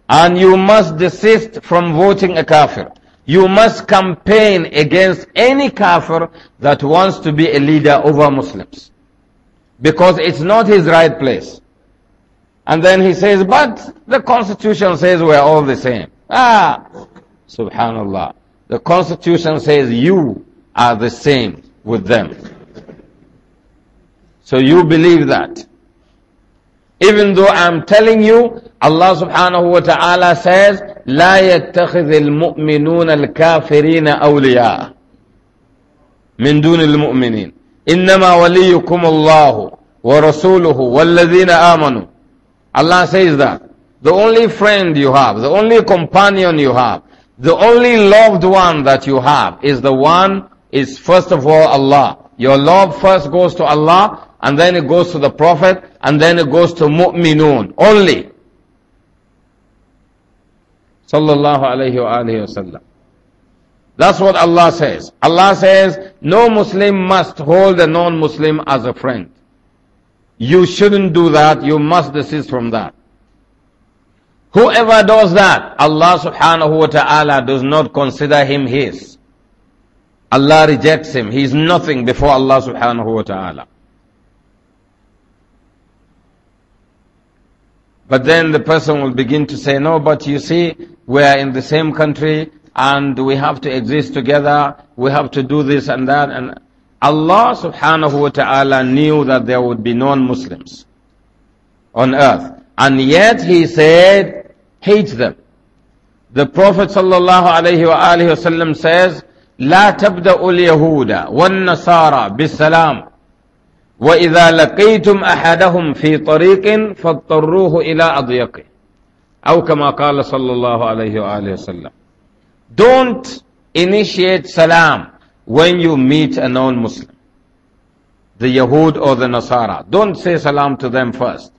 And you must desist from voting a kafir. You must campaign against any kafir that wants to be a leader over Muslims. Because it's not his right place. And then he says, but the constitution says we're all the same. Ah, subhanallah. The constitution says you are the same with them. So you believe that. Even though I'm telling you, Allah subhanahu wa ta'ala says, لا يتخذ المؤمنون الكافرين أولياء من دون المؤمنين إنما وليكم الله ورسوله والذين آمنوا Allah says that. The only friend you have, the only companion you have, the only loved one that you have is the one, is first of all Allah. Your love first goes to Allah and then it goes to the Prophet, and then it goes to mu'minun only. Sallallahu alayhi wa alayhi wa That's what Allah says. Allah says, no Muslim must hold a non-Muslim as a friend. You shouldn't do that. You must desist from that. Whoever does that, Allah subhanahu wa ta'ala does not consider him his. Allah rejects him. He is nothing before Allah subhanahu wa ta'ala. But then the person will begin to say, no, but you see, we are in the same country and we have to exist together. We have to do this and that. And Allah subhanahu wa ta'ala knew that there would be non-Muslims on earth. And yet he said, hate them. The Prophet sallallahu alayhi wa alihi wasallam says, لا تبدأ اليهود والنصارى بالسلام وَإِذَا لَقَيْتُمْ أَحَدَهُمْ فِي طَرِيقٍ فَاضْطَرُّوهُ إِلَىٰ أَضْيَقِهِ أَوْ كَمَا قَالَ صَلَّى اللَّهُ عَلَيْهِ وَآلِهِ وسلم. Don't initiate salam when you meet a non-Muslim, the Yahud or the Nasara. Don't say salam to them first.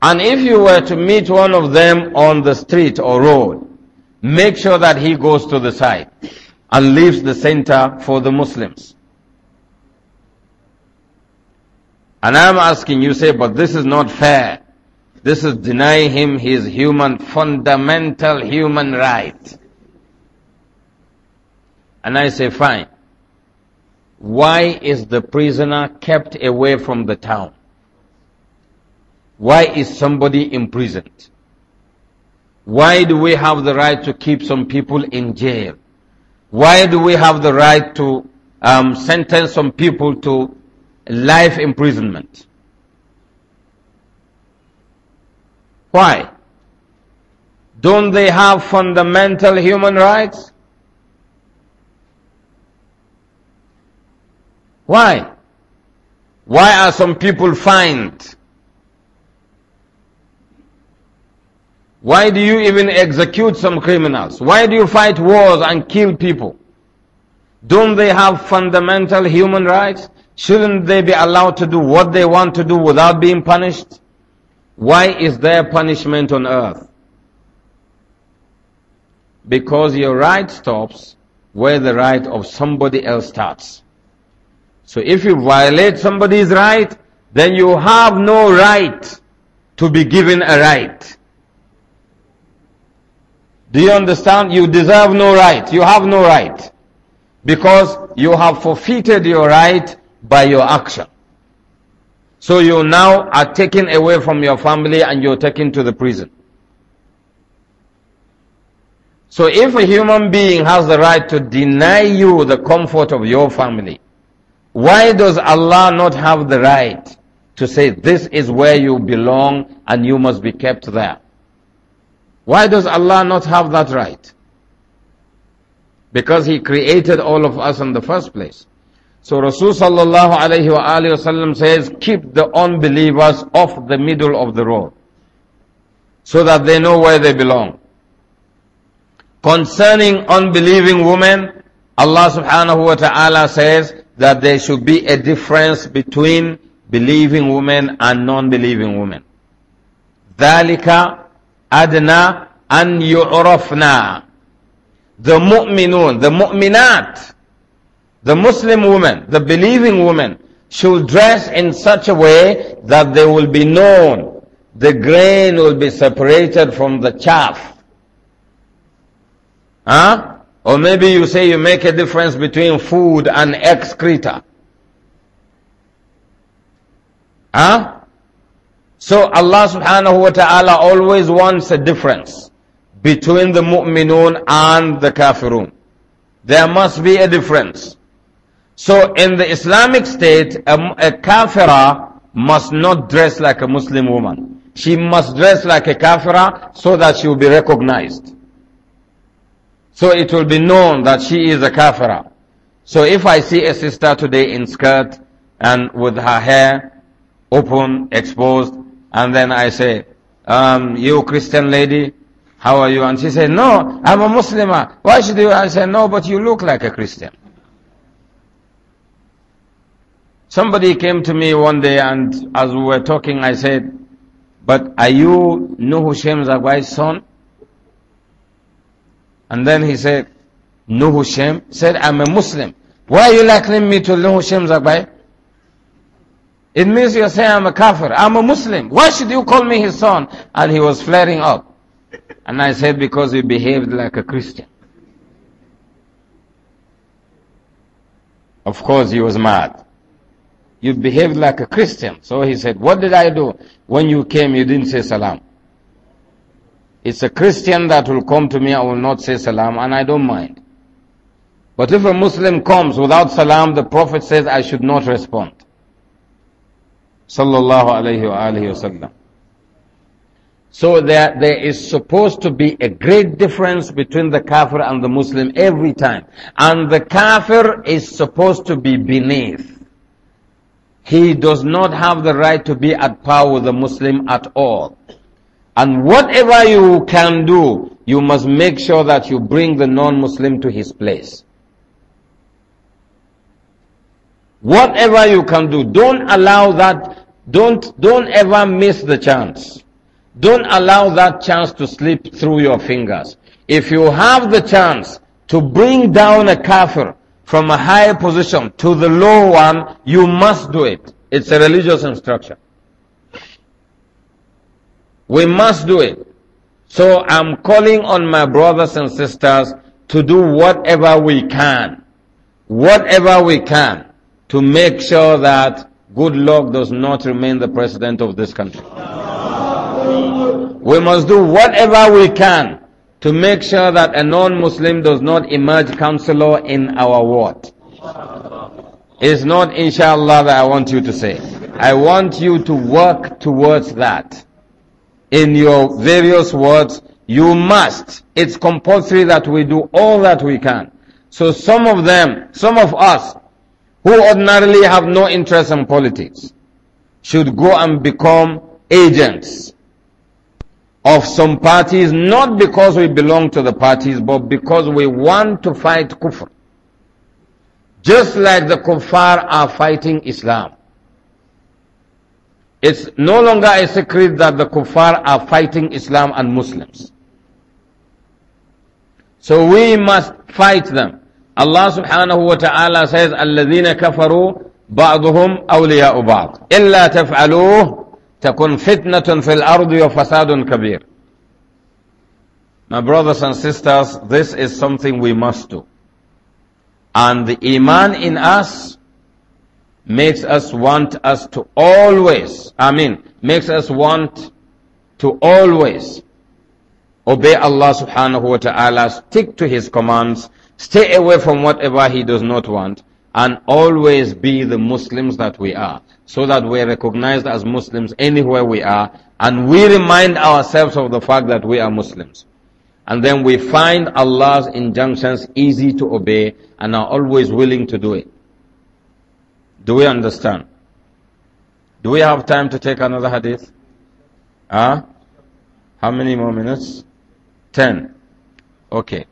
And if you were to meet one of them on the street or road, make sure that he goes to the side and leaves the center for the Muslims. And I'm asking you say, but this is not fair. This is denying him his human, fundamental human right. And I say, fine. Why is the prisoner kept away from the town? Why is somebody imprisoned? Why do we have the right to keep some people in jail? Why do we have the right to um, sentence some people to life imprisonment. Why? Don't they have fundamental human rights? Why? Why are some people fined? Why do you even execute some criminals? Why do you fight wars and kill people? Don't they have fundamental human rights? Shouldn't they be allowed to do what they want to do without being punished? Why is there punishment on earth? Because your right stops where the right of somebody else starts. So if you violate somebody's right, then you have no right to be given a right. Do you understand? You deserve no right. You have no right. Because you have forfeited your right by your action. So you now are taken away from your family and you're taken to the prison. So if a human being has the right to deny you the comfort of your family, why does Allah not have the right to say this is where you belong and you must be kept there? Why does Allah not have that right? Because He created all of us in the first place. So Rasul sallallahu alayhi wa wasallam says, keep the unbelievers off the middle of the road so that they know where they belong. Concerning unbelieving women, Allah subhanahu wa ta'ala says that there should be a difference between believing women and non-believing women. ذَلِكَ أَدْنَى أَنْ يُعْرَفْنَا The mu'minun, the mu'minat, the Muslim woman, the believing woman, should dress in such a way that they will be known. The grain will be separated from the chaff. Huh? Or maybe you say you make a difference between food and excreta. Huh? So Allah subhanahu wa ta'ala always wants a difference between the mu'minun and the kafirun. There must be a difference. So in the Islamic state, a, a kafira must not dress like a Muslim woman. She must dress like a kafira so that she will be recognized. So it will be known that she is a kafira. So if I see a sister today in skirt and with her hair open, exposed, and then I say, um, you Christian lady, how are you? And she said, no, I'm a Muslimah. Why should you? I say, no, but you look like a Christian. Somebody came to me one day and as we were talking, I said, but are you Nuhu Shem Zagwai's son? And then he said, Nuhu Shem said, I'm a Muslim. Why are you likening me to Nuhu Shem Zagwai? It means you're saying I'm a kafir. I'm a Muslim. Why should you call me his son? And he was flaring up. And I said, because he behaved like a Christian. Of course he was mad. You behaved like a Christian. So he said, What did I do? When you came, you didn't say salam. It's a Christian that will come to me, I will not say salam, and I don't mind. But if a Muslim comes without salam, the Prophet says, I should not respond. Sallallahu alayhi wa alayhi wa So there, there is supposed to be a great difference between the kafir and the Muslim every time. And the kafir is supposed to be beneath. He does not have the right to be at power with a Muslim at all. And whatever you can do, you must make sure that you bring the non-Muslim to his place. Whatever you can do, don't allow that, don't, don't ever miss the chance. Don't allow that chance to slip through your fingers. If you have the chance to bring down a kafir, from a high position to the low one, you must do it. It's a religious instruction. We must do it. So I'm calling on my brothers and sisters to do whatever we can, whatever we can to make sure that good luck does not remain the president of this country. We must do whatever we can to make sure that a non-Muslim does not emerge counselor in our ward. It's not inshallah that I want you to say. I want you to work towards that. In your various words, you must. It's compulsory that we do all that we can. So some of them, some of us, who ordinarily have no interest in politics, should go and become agents of some parties, not because we belong to the parties, but because we want to fight kufr. Just like the kuffar are fighting Islam. It's no longer a secret that the kuffar are fighting Islam and Muslims. So we must fight them. Allah subhanahu wa ta'ala says, الَّذِينَ كَفَرُوا بَعْضُهُمْ أَوْلِيَاءُ بَعْضٍ إِلَّا تَفْعَلُوهُ تكن فتنة في الأرض وفساد كبير My brothers and sisters, this is something we must do. And the Iman in us makes us want us to always, I mean, makes us want to always obey Allah subhanahu wa ta'ala, stick to His commands, stay away from whatever He does not want, and always be the Muslims that we are, so that we're recognized as Muslims anywhere we are, and we remind ourselves of the fact that we are Muslims. And then we find Allah's injunctions easy to obey and are always willing to do it. Do we understand? Do we have time to take another hadith? Huh? How many more minutes? Ten. Okay.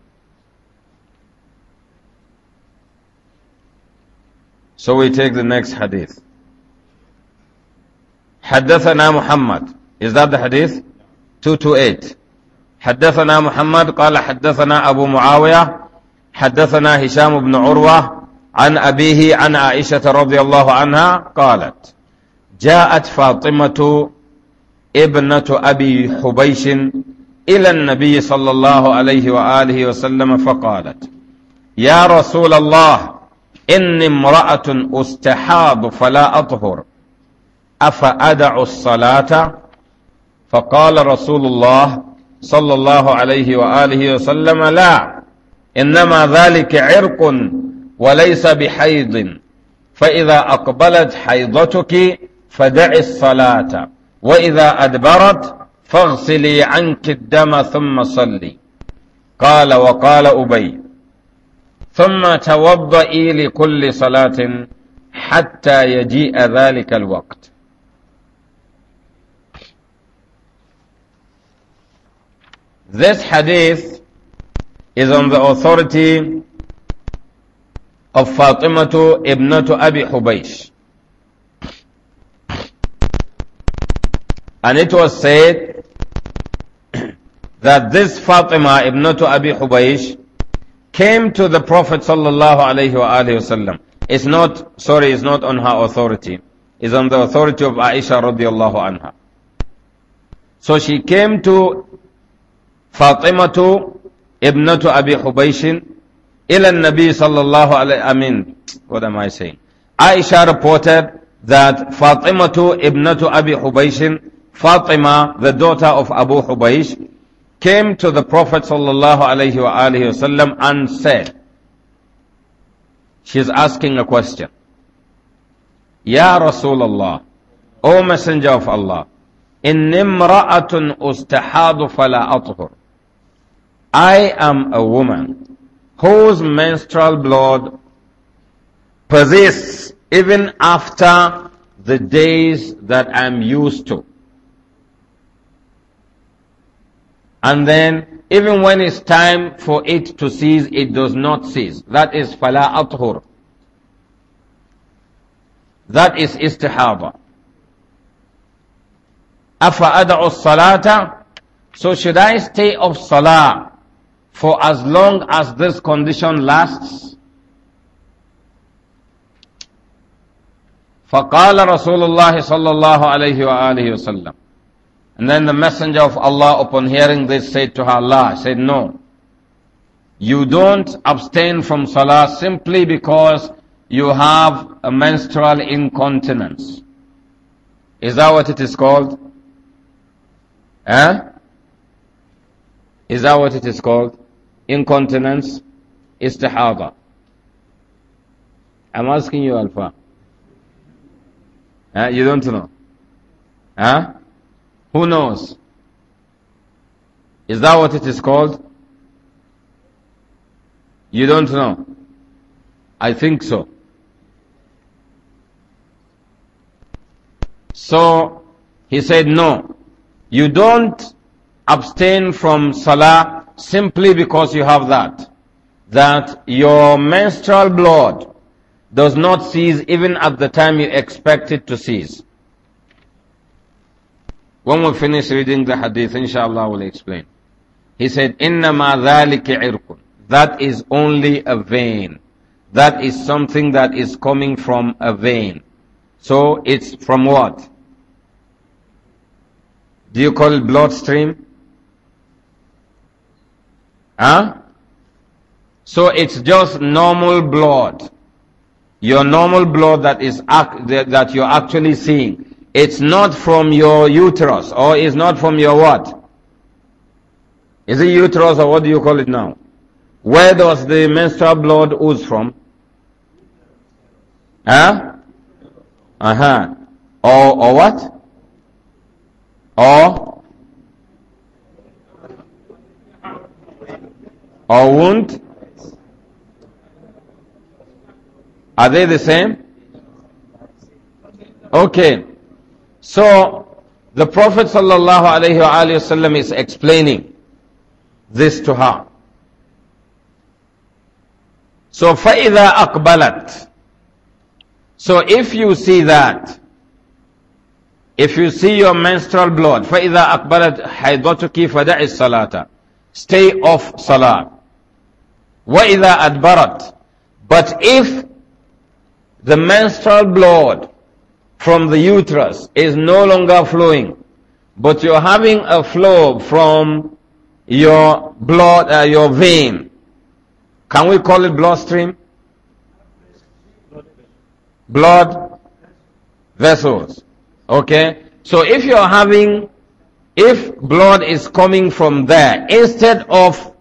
So we take the next hadith. Haddathana Muhammad. Is that the hadith? 228 Haddathana Muhammad. قال حدثنا Abu Muawiyah. حدثنا Hisham ibn Urwa. عن abihi an Aisha رضي anha. Qalat. قالت جاءت فاطمة ابنة أبي حبيش إلى النبي صلى الله عليه وآله وسلم فقالت يا رسول الله إني امرأة أستحاض فلا أطهر أفأدع الصلاة فقال رسول الله صلى الله عليه وآله وسلم لا إنما ذلك عرق وليس بحيض فإذا أقبلت حيضتك فدع الصلاة وإذا أدبرت فاغسلي عنك الدم ثم صلي قال وقال أبي ثم توضئي لكل صلاة حتى يجيء ذلك الوقت This hadith is on the authority of Fatima ibn Abi Hubaysh. And it was said that this Fatima ibn Abi Hubaysh came to the Prophet sallallahu alaihi wasallam. It's not, sorry, it's not on her authority. It's on the authority of Aisha radiallahu anha. So she came to Fatimatu ibnatu Abi Hubayshin ila Nabi sallallahu alayhi, I mean, what am I saying? Aisha reported that Fatimatu ibnatu Abi Hubayshin, Fatima, the daughter of Abu Hubaysh, came to the Prophet sallallahu and said, she's asking a question. Ya Rasulullah, O Messenger of Allah, إِنِّي امْرَأَةٌ أُسْتَحَادُ فَلَا أَطْهُرُ I am a woman whose menstrual blood persists even after the days that I'm used to. And then even when it's time for it to cease, it does not cease. That is fala athur. That is istihaba. Afa ad'u salata. So should I stay of salah for as long as this condition lasts? فقال رسول الله صلى الله عليه وآله وسلم and then the messenger of Allah upon hearing this said to her, Allah, said, no. You don't abstain from salah simply because you have a menstrual incontinence. Is that what it is called? Eh? Is that what it is called? Incontinence? Istihada. I'm asking you, Alpha. Eh? You don't know? Huh? Eh? Who knows? Is that what it is called? You don't know? I think so. So he said, No, you don't abstain from salah simply because you have that. That your menstrual blood does not cease even at the time you expect it to cease. When we finish reading the hadith, inshallah, we'll explain. He said, إِنَّمَا ذَلِكَ عِرْقٌ That is only a vein. That is something that is coming from a vein. So it's from what? Do you call it bloodstream? Huh? So it's just normal blood. Your normal blood that is, that you're actually seeing it's not from your uterus or it's not from your what? Is it uterus or what do you call it now? Where does the menstrual blood ooze from? Huh? Uh-huh. Or, or what? Or? Or wound? Are they the same? Okay. So the Prophet sallallahu wasallam is explaining this to her. So فَإِذَا أَقْبَلَتْ So if you see that, if you see your menstrual blood, فَإِذَا أَقْبَلَتْ حَيْضَتُكِ فَدَعِ الصَّلَاةَ Stay off salah. وَإِذَا أَدْبَرَتْ But if the menstrual blood from the uterus is no longer flowing, but you're having a flow from your blood, uh, your vein. Can we call it bloodstream? Blood vessels. Okay? So if you're having, if blood is coming from there instead of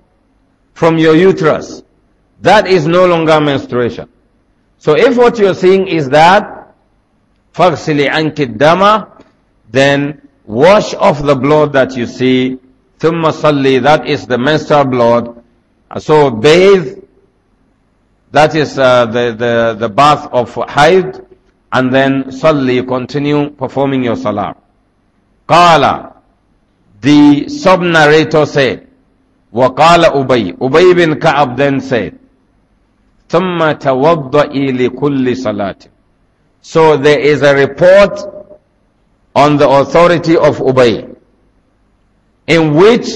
from your uterus, that is no longer menstruation. So if what you're seeing is that فَغْسِلِ عَنْكِ الدَّمَ Then wash off the blood that you see. ثُمَّ صَلِّ That is the menstrual blood. Uh, so bathe. That is uh, the, the, the bath of haid. And then صَلِّ Continue performing your salah. قَالَ The sub-narrator said, وقال أبي أبي بن كعب then said ثم توضئي لكل صلاة so there is a report on the authority of Ubay in which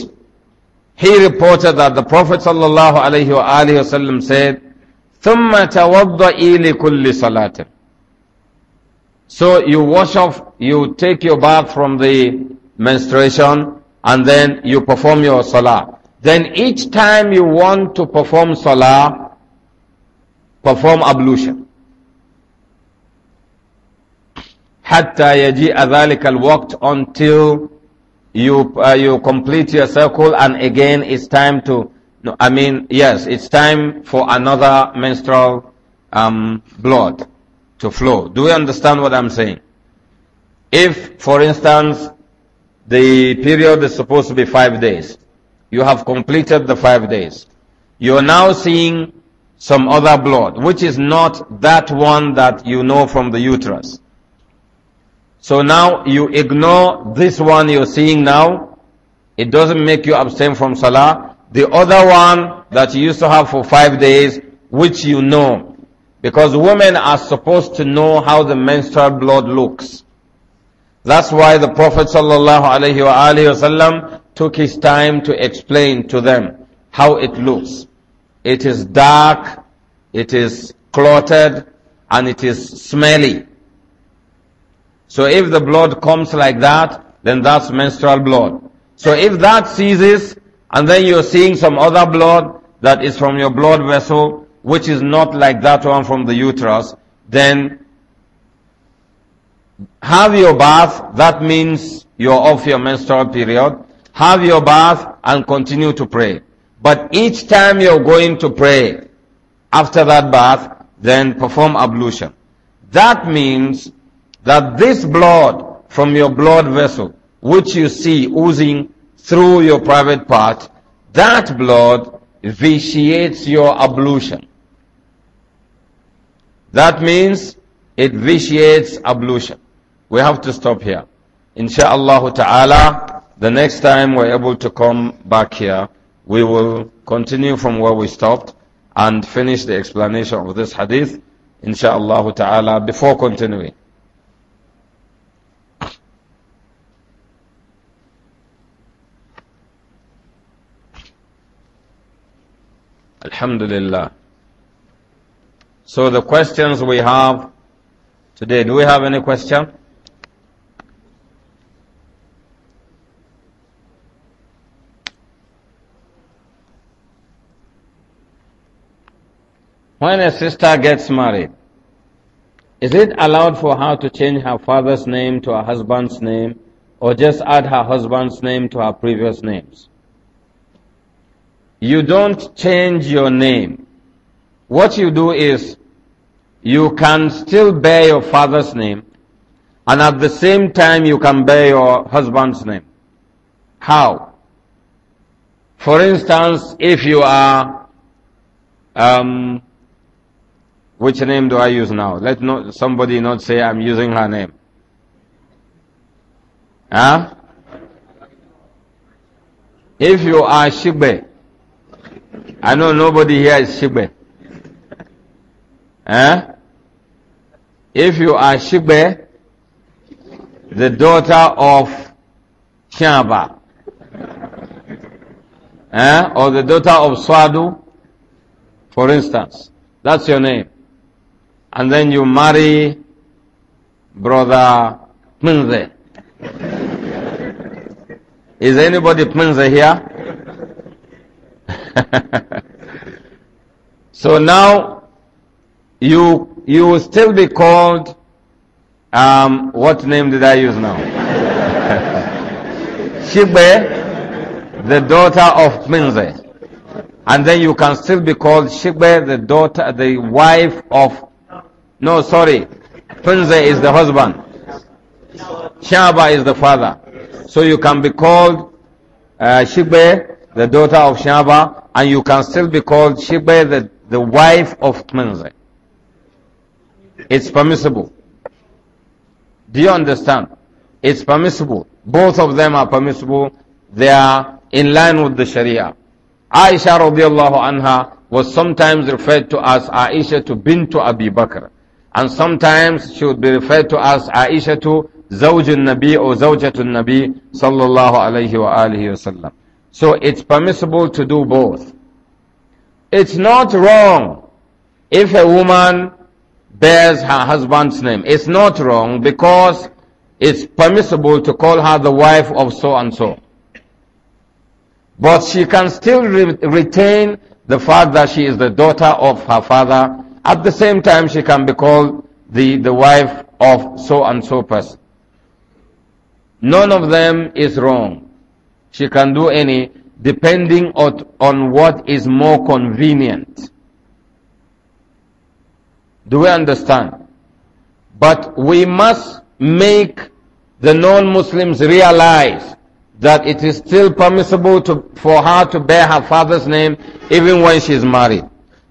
he reported that the Prophet sallallahu alayhi wa alayhi wasallam said, ثُمَّ تَوَضَّئِي لِكُلِّ صَلَاتٍ So you wash off, you take your bath from the menstruation and then you perform your salah. Then each time you want to perform salah, perform ablution. حَتَّى يَجِئَ ذَلِكَ الْوَقْتِ Until you, uh, you complete your circle and again it's time to, no, I mean, yes, it's time for another menstrual um, blood to flow. Do you understand what I'm saying? If, for instance, the period is supposed to be five days, you have completed the five days. You're now seeing some other blood, which is not that one that you know from the uterus. So now you ignore this one you're seeing now. It doesn't make you abstain from salah. The other one that you used to have for five days, which you know. Because women are supposed to know how the menstrual blood looks. That's why the Prophet wasallam took his time to explain to them how it looks. It is dark, it is clotted, and it is smelly. So if the blood comes like that, then that's menstrual blood. So if that ceases, and then you're seeing some other blood that is from your blood vessel, which is not like that one from the uterus, then have your bath, that means you're off your menstrual period. Have your bath and continue to pray. But each time you're going to pray after that bath, then perform ablution. That means that this blood from your blood vessel, which you see oozing through your private part, that blood vitiates your ablution. That means it vitiates ablution. We have to stop here. Insha'Allah ta'ala, the next time we're able to come back here, we will continue from where we stopped and finish the explanation of this hadith, Insha'Allah ta'ala, before continuing. Alhamdulillah. So the questions we have today, do we have any question? When a sister gets married, is it allowed for her to change her father's name to her husband's name or just add her husband's name to her previous names? You don't change your name. What you do is you can still bear your father's name and at the same time you can bear your husband's name. How? For instance, if you are, um, which name do I use now? Let not, somebody not say I'm using her name. Huh? If you are Shigbe, I know nobody here is Shigbe. Eh? If you are Shigbe, the daughter of Shamba, eh? or the daughter of Swadu, for instance, that's your name. And then you marry brother Pnze. Is anybody Pnze here? so now you you will still be called um, what name did I use now? Shigbe, the daughter of Minze. And then you can still be called Shigbe, the daughter, the wife of, no, sorry, minze is the husband. Shaba is the father. So you can be called uh, the daughter of Shaba, and you can still be called Shiba, the, the wife of Tmanzi. It's permissible. Do you understand? It's permissible. Both of them are permissible. They are in line with the Sharia. Aisha radiallahu anha was sometimes referred to as Aisha to bintu to Abi Bakr. And sometimes she would be referred to as Aisha to Zawj nabi or Zawjat nabi sallallahu alayhi wa alihi wa sallam. So it's permissible to do both. It's not wrong if a woman bears her husband's name. It's not wrong because it's permissible to call her the wife of so and so. But she can still re retain the fact that she is the daughter of her father. At the same time, she can be called the, the wife of so and so person. None of them is wrong. She can do any depending on, on what is more convenient. Do we understand? But we must make the non-Muslims realize that it is still permissible to, for her to bear her father's name even when she is married.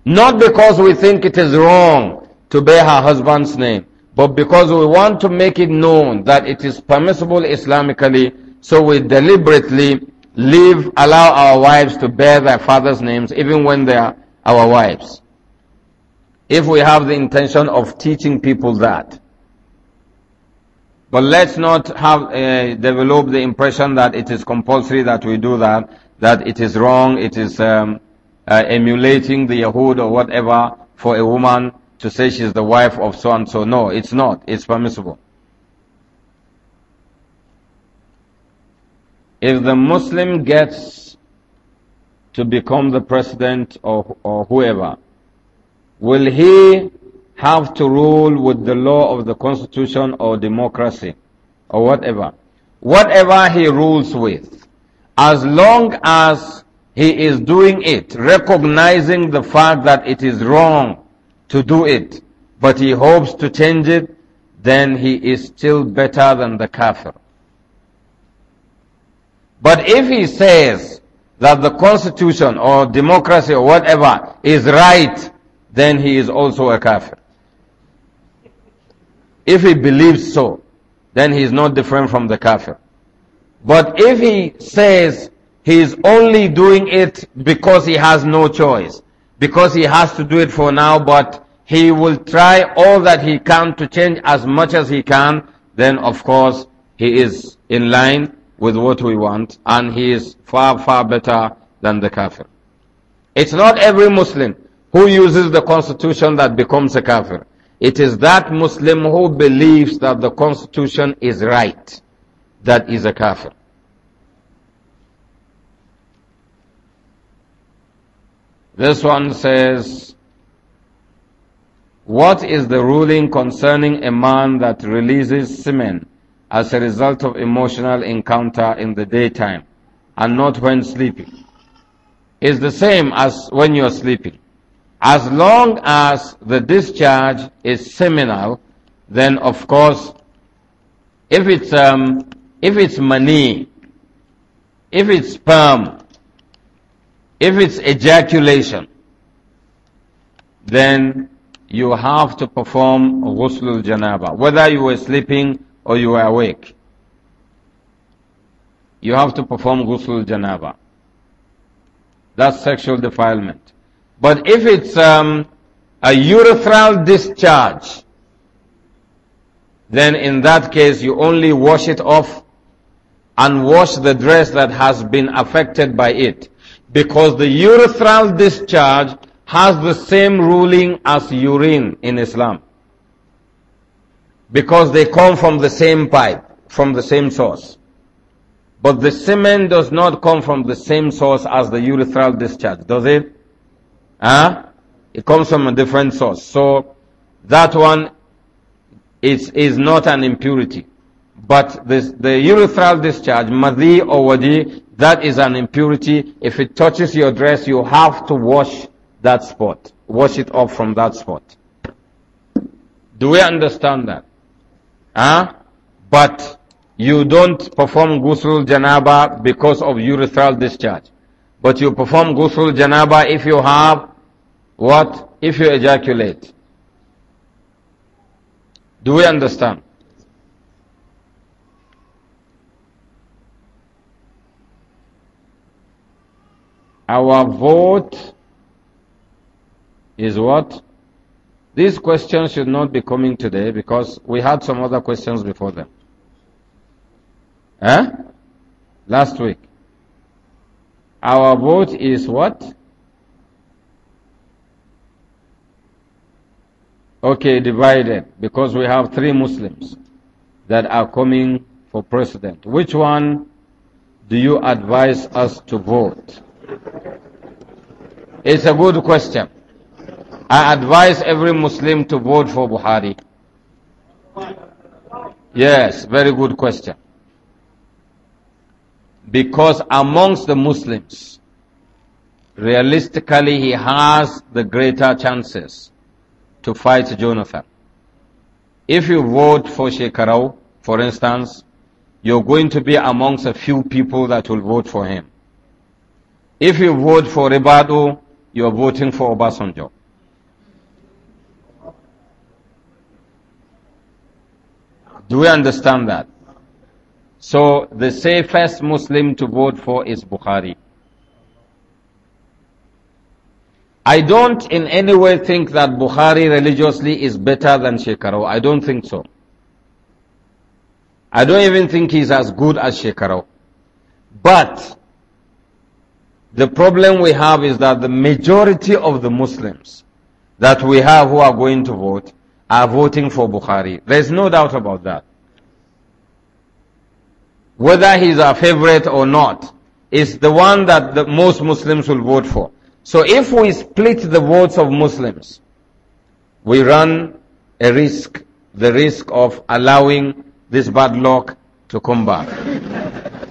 Not because we think it is wrong to bear her husband's name, but because we want to make it known that it is permissible Islamically so we deliberately leave, allow our wives to bear their father's names even when they are our wives. If we have the intention of teaching people that. But let's not have, uh, develop the impression that it is compulsory that we do that, that it is wrong, it is um, uh, emulating the Yahud or whatever for a woman to say she's the wife of so and so. No, it's not. It's permissible. if the Muslim gets to become the president or, or whoever, will he have to rule with the law of the constitution or democracy or whatever? Whatever he rules with, as long as he is doing it, recognizing the fact that it is wrong to do it, but he hopes to change it, then he is still better than the kafir. But if he says that the constitution or democracy or whatever is right, then he is also a kafir. If he believes so, then he is not different from the kafir. But if he says he is only doing it because he has no choice, because he has to do it for now, but he will try all that he can to change as much as he can, then of course he is in line with what we want and he is far, far better than the kafir. It's not every Muslim who uses the constitution that becomes a kafir. It is that Muslim who believes that the constitution is right that is a kafir. This one says, What is the ruling concerning a man that releases semen as a result of emotional encounter in the daytime and not when sleeping. It's the same as when you're sleeping. As long as the discharge is seminal, then of course, if it's, um, if it's money, if it's sperm, if it's ejaculation, then you have to perform ghusl janaba, whether you were sleeping or you are awake, you have to perform ghusl janaba. That's sexual defilement. But if it's um, a urethral discharge, then in that case you only wash it off and wash the dress that has been affected by it. Because the urethral discharge has the same ruling as urine in Islam because they come from the same pipe, from the same source. But the semen does not come from the same source as the urethral discharge, does it? Huh? It comes from a different source. So that one is, is not an impurity. But this, the urethral discharge, madhi or wadi, that is an impurity. If it touches your dress, you have to wash that spot. Wash it off from that spot. Do we understand that? Ah, But you don't perform ghusl janaba because of urethral discharge. But you perform ghusl janaba if you have what? If you ejaculate. Do we understand? Our vote is what? These questions should not be coming today because we had some other questions before them. Eh? Last week. Our vote is what? Okay, divided because we have three Muslims that are coming for president. Which one do you advise us to vote? It's a good question. I advise every Muslim to vote for Buhari. Yes, very good question. Because amongst the Muslims, realistically, he has the greater chances to fight Jonathan. If you vote for Shekarau, for instance, you're going to be amongst a few people that will vote for him. If you vote for Ribadu, you're voting for Obasanjo. Do we understand that? So the safest Muslim to vote for is Bukhari. I don't in any way think that Bukhari religiously is better than Shekarov. I don't think so. I don't even think he's as good as Shekarov. But the problem we have is that the majority of the Muslims that we have who are going to vote are voting for Bukhari. There's no doubt about that. Whether he's our favorite or not, is the one that the most Muslims will vote for. So if we split the votes of Muslims, we run a risk, the risk of allowing this bad luck to come back.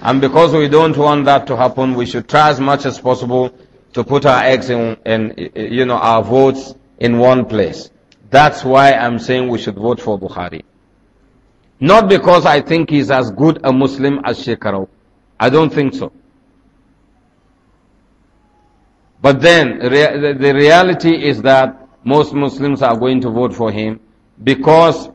and because we don't want that to happen, we should try as much as possible to put our eggs in, in you know, our votes in one place. That's why I'm saying we should vote for Bukhari. Not because I think he's as good a Muslim as Shekarov. I don't think so. But then, rea the reality is that most Muslims are going to vote for him because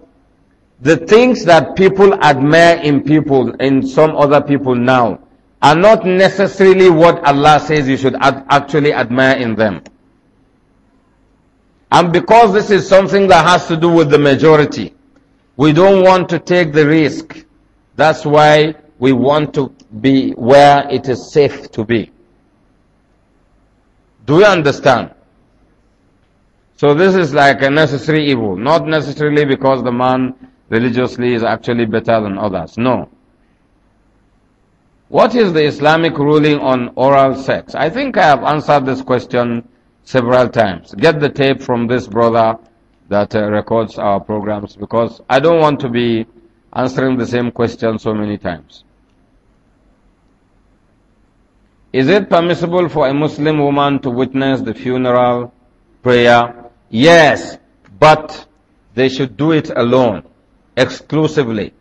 the things that people admire in people, in some other people now, are not necessarily what Allah says you should ad actually admire in them. And because this is something that has to do with the majority, we don't want to take the risk. That's why we want to be where it is safe to be. Do you understand? So this is like a necessary evil, not necessarily because the man religiously is actually better than others. No. What is the Islamic ruling on oral sex? I think I have answered this question several times. Get the tape from this brother that uh, records our programs because I don't want to be answering the same question so many times. Is it permissible for a Muslim woman to witness the funeral prayer? Yes, but they should do it alone, exclusively.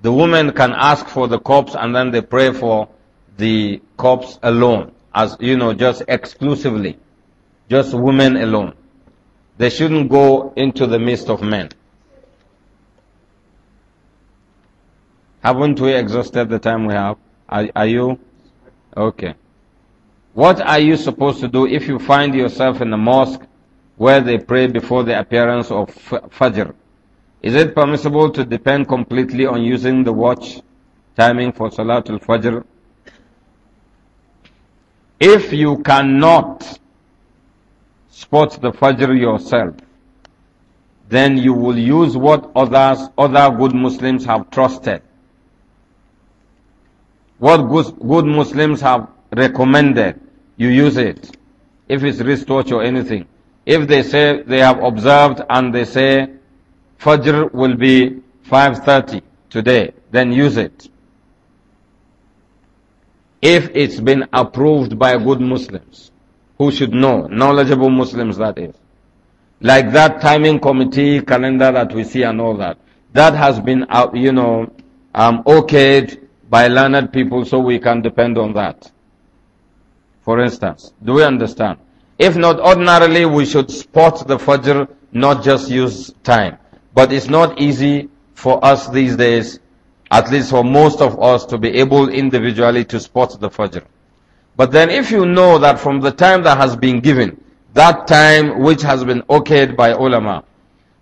The woman can ask for the corpse and then they pray for the corpse alone, as you know, just exclusively just women alone. They shouldn't go into the midst of men. Haven't we exhausted the time we have? Are, are you? Okay. What are you supposed to do if you find yourself in a mosque where they pray before the appearance of Fajr? Is it permissible to depend completely on using the watch timing for Salatul Fajr? If you cannot spot the Fajr yourself, then you will use what others, other good Muslims have trusted. What good Muslims have recommended, you use it. If it's wristwatch or anything. If they say they have observed and they say Fajr will be 5.30 today, then use it. If it's been approved by good Muslims who should know, knowledgeable Muslims that is. Like that timing committee calendar that we see and all that. That has been, uh, you know, um, okayed by learned people so we can depend on that. For instance, do we understand? If not, ordinarily we should spot the Fajr, not just use time. But it's not easy for us these days, at least for most of us, to be able individually to spot the Fajr. But then if you know that from the time that has been given, that time which has been okayed by ulama,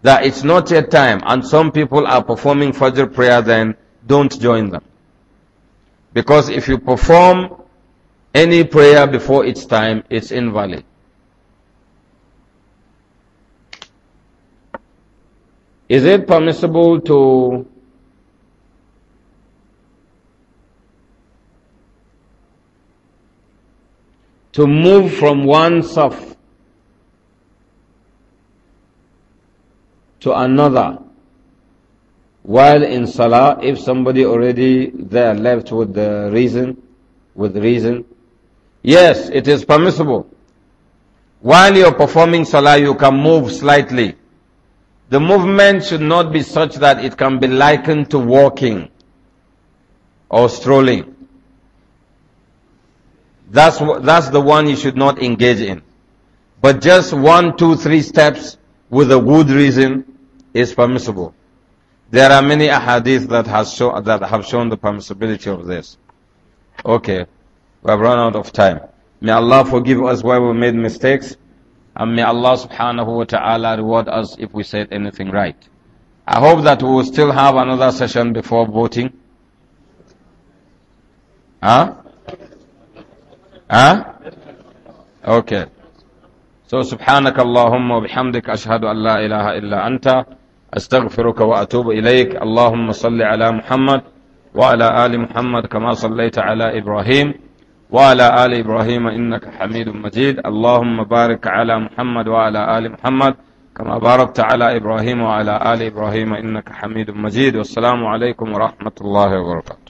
that it's not yet time and some people are performing Fajr prayer then, don't join them. Because if you perform any prayer before its time, it's invalid. Is it permissible to to move from one saf to another while in salah if somebody already there left with the reason with reason yes it is permissible while you're performing salah you can move slightly the movement should not be such that it can be likened to walking or strolling that's, that's the one you should not engage in. But just one, two, three steps with a good reason is permissible. There are many ahadith that, has show, that have shown the permissibility of this. Okay, we have run out of time. May Allah forgive us where we made mistakes. And may Allah subhanahu wa ta'ala reward us if we said anything right. I hope that we will still have another session before voting. Huh? ها اوكي سو so, سبحانك اللهم وبحمدك اشهد ان لا اله الا انت استغفرك واتوب اليك اللهم صل على محمد وعلى ال محمد كما صليت على ابراهيم وعلى ال ابراهيم انك حميد مجيد اللهم بارك على محمد وعلى ال محمد كما باركت على ابراهيم وعلى ال ابراهيم انك حميد مجيد والسلام عليكم ورحمه الله وبركاته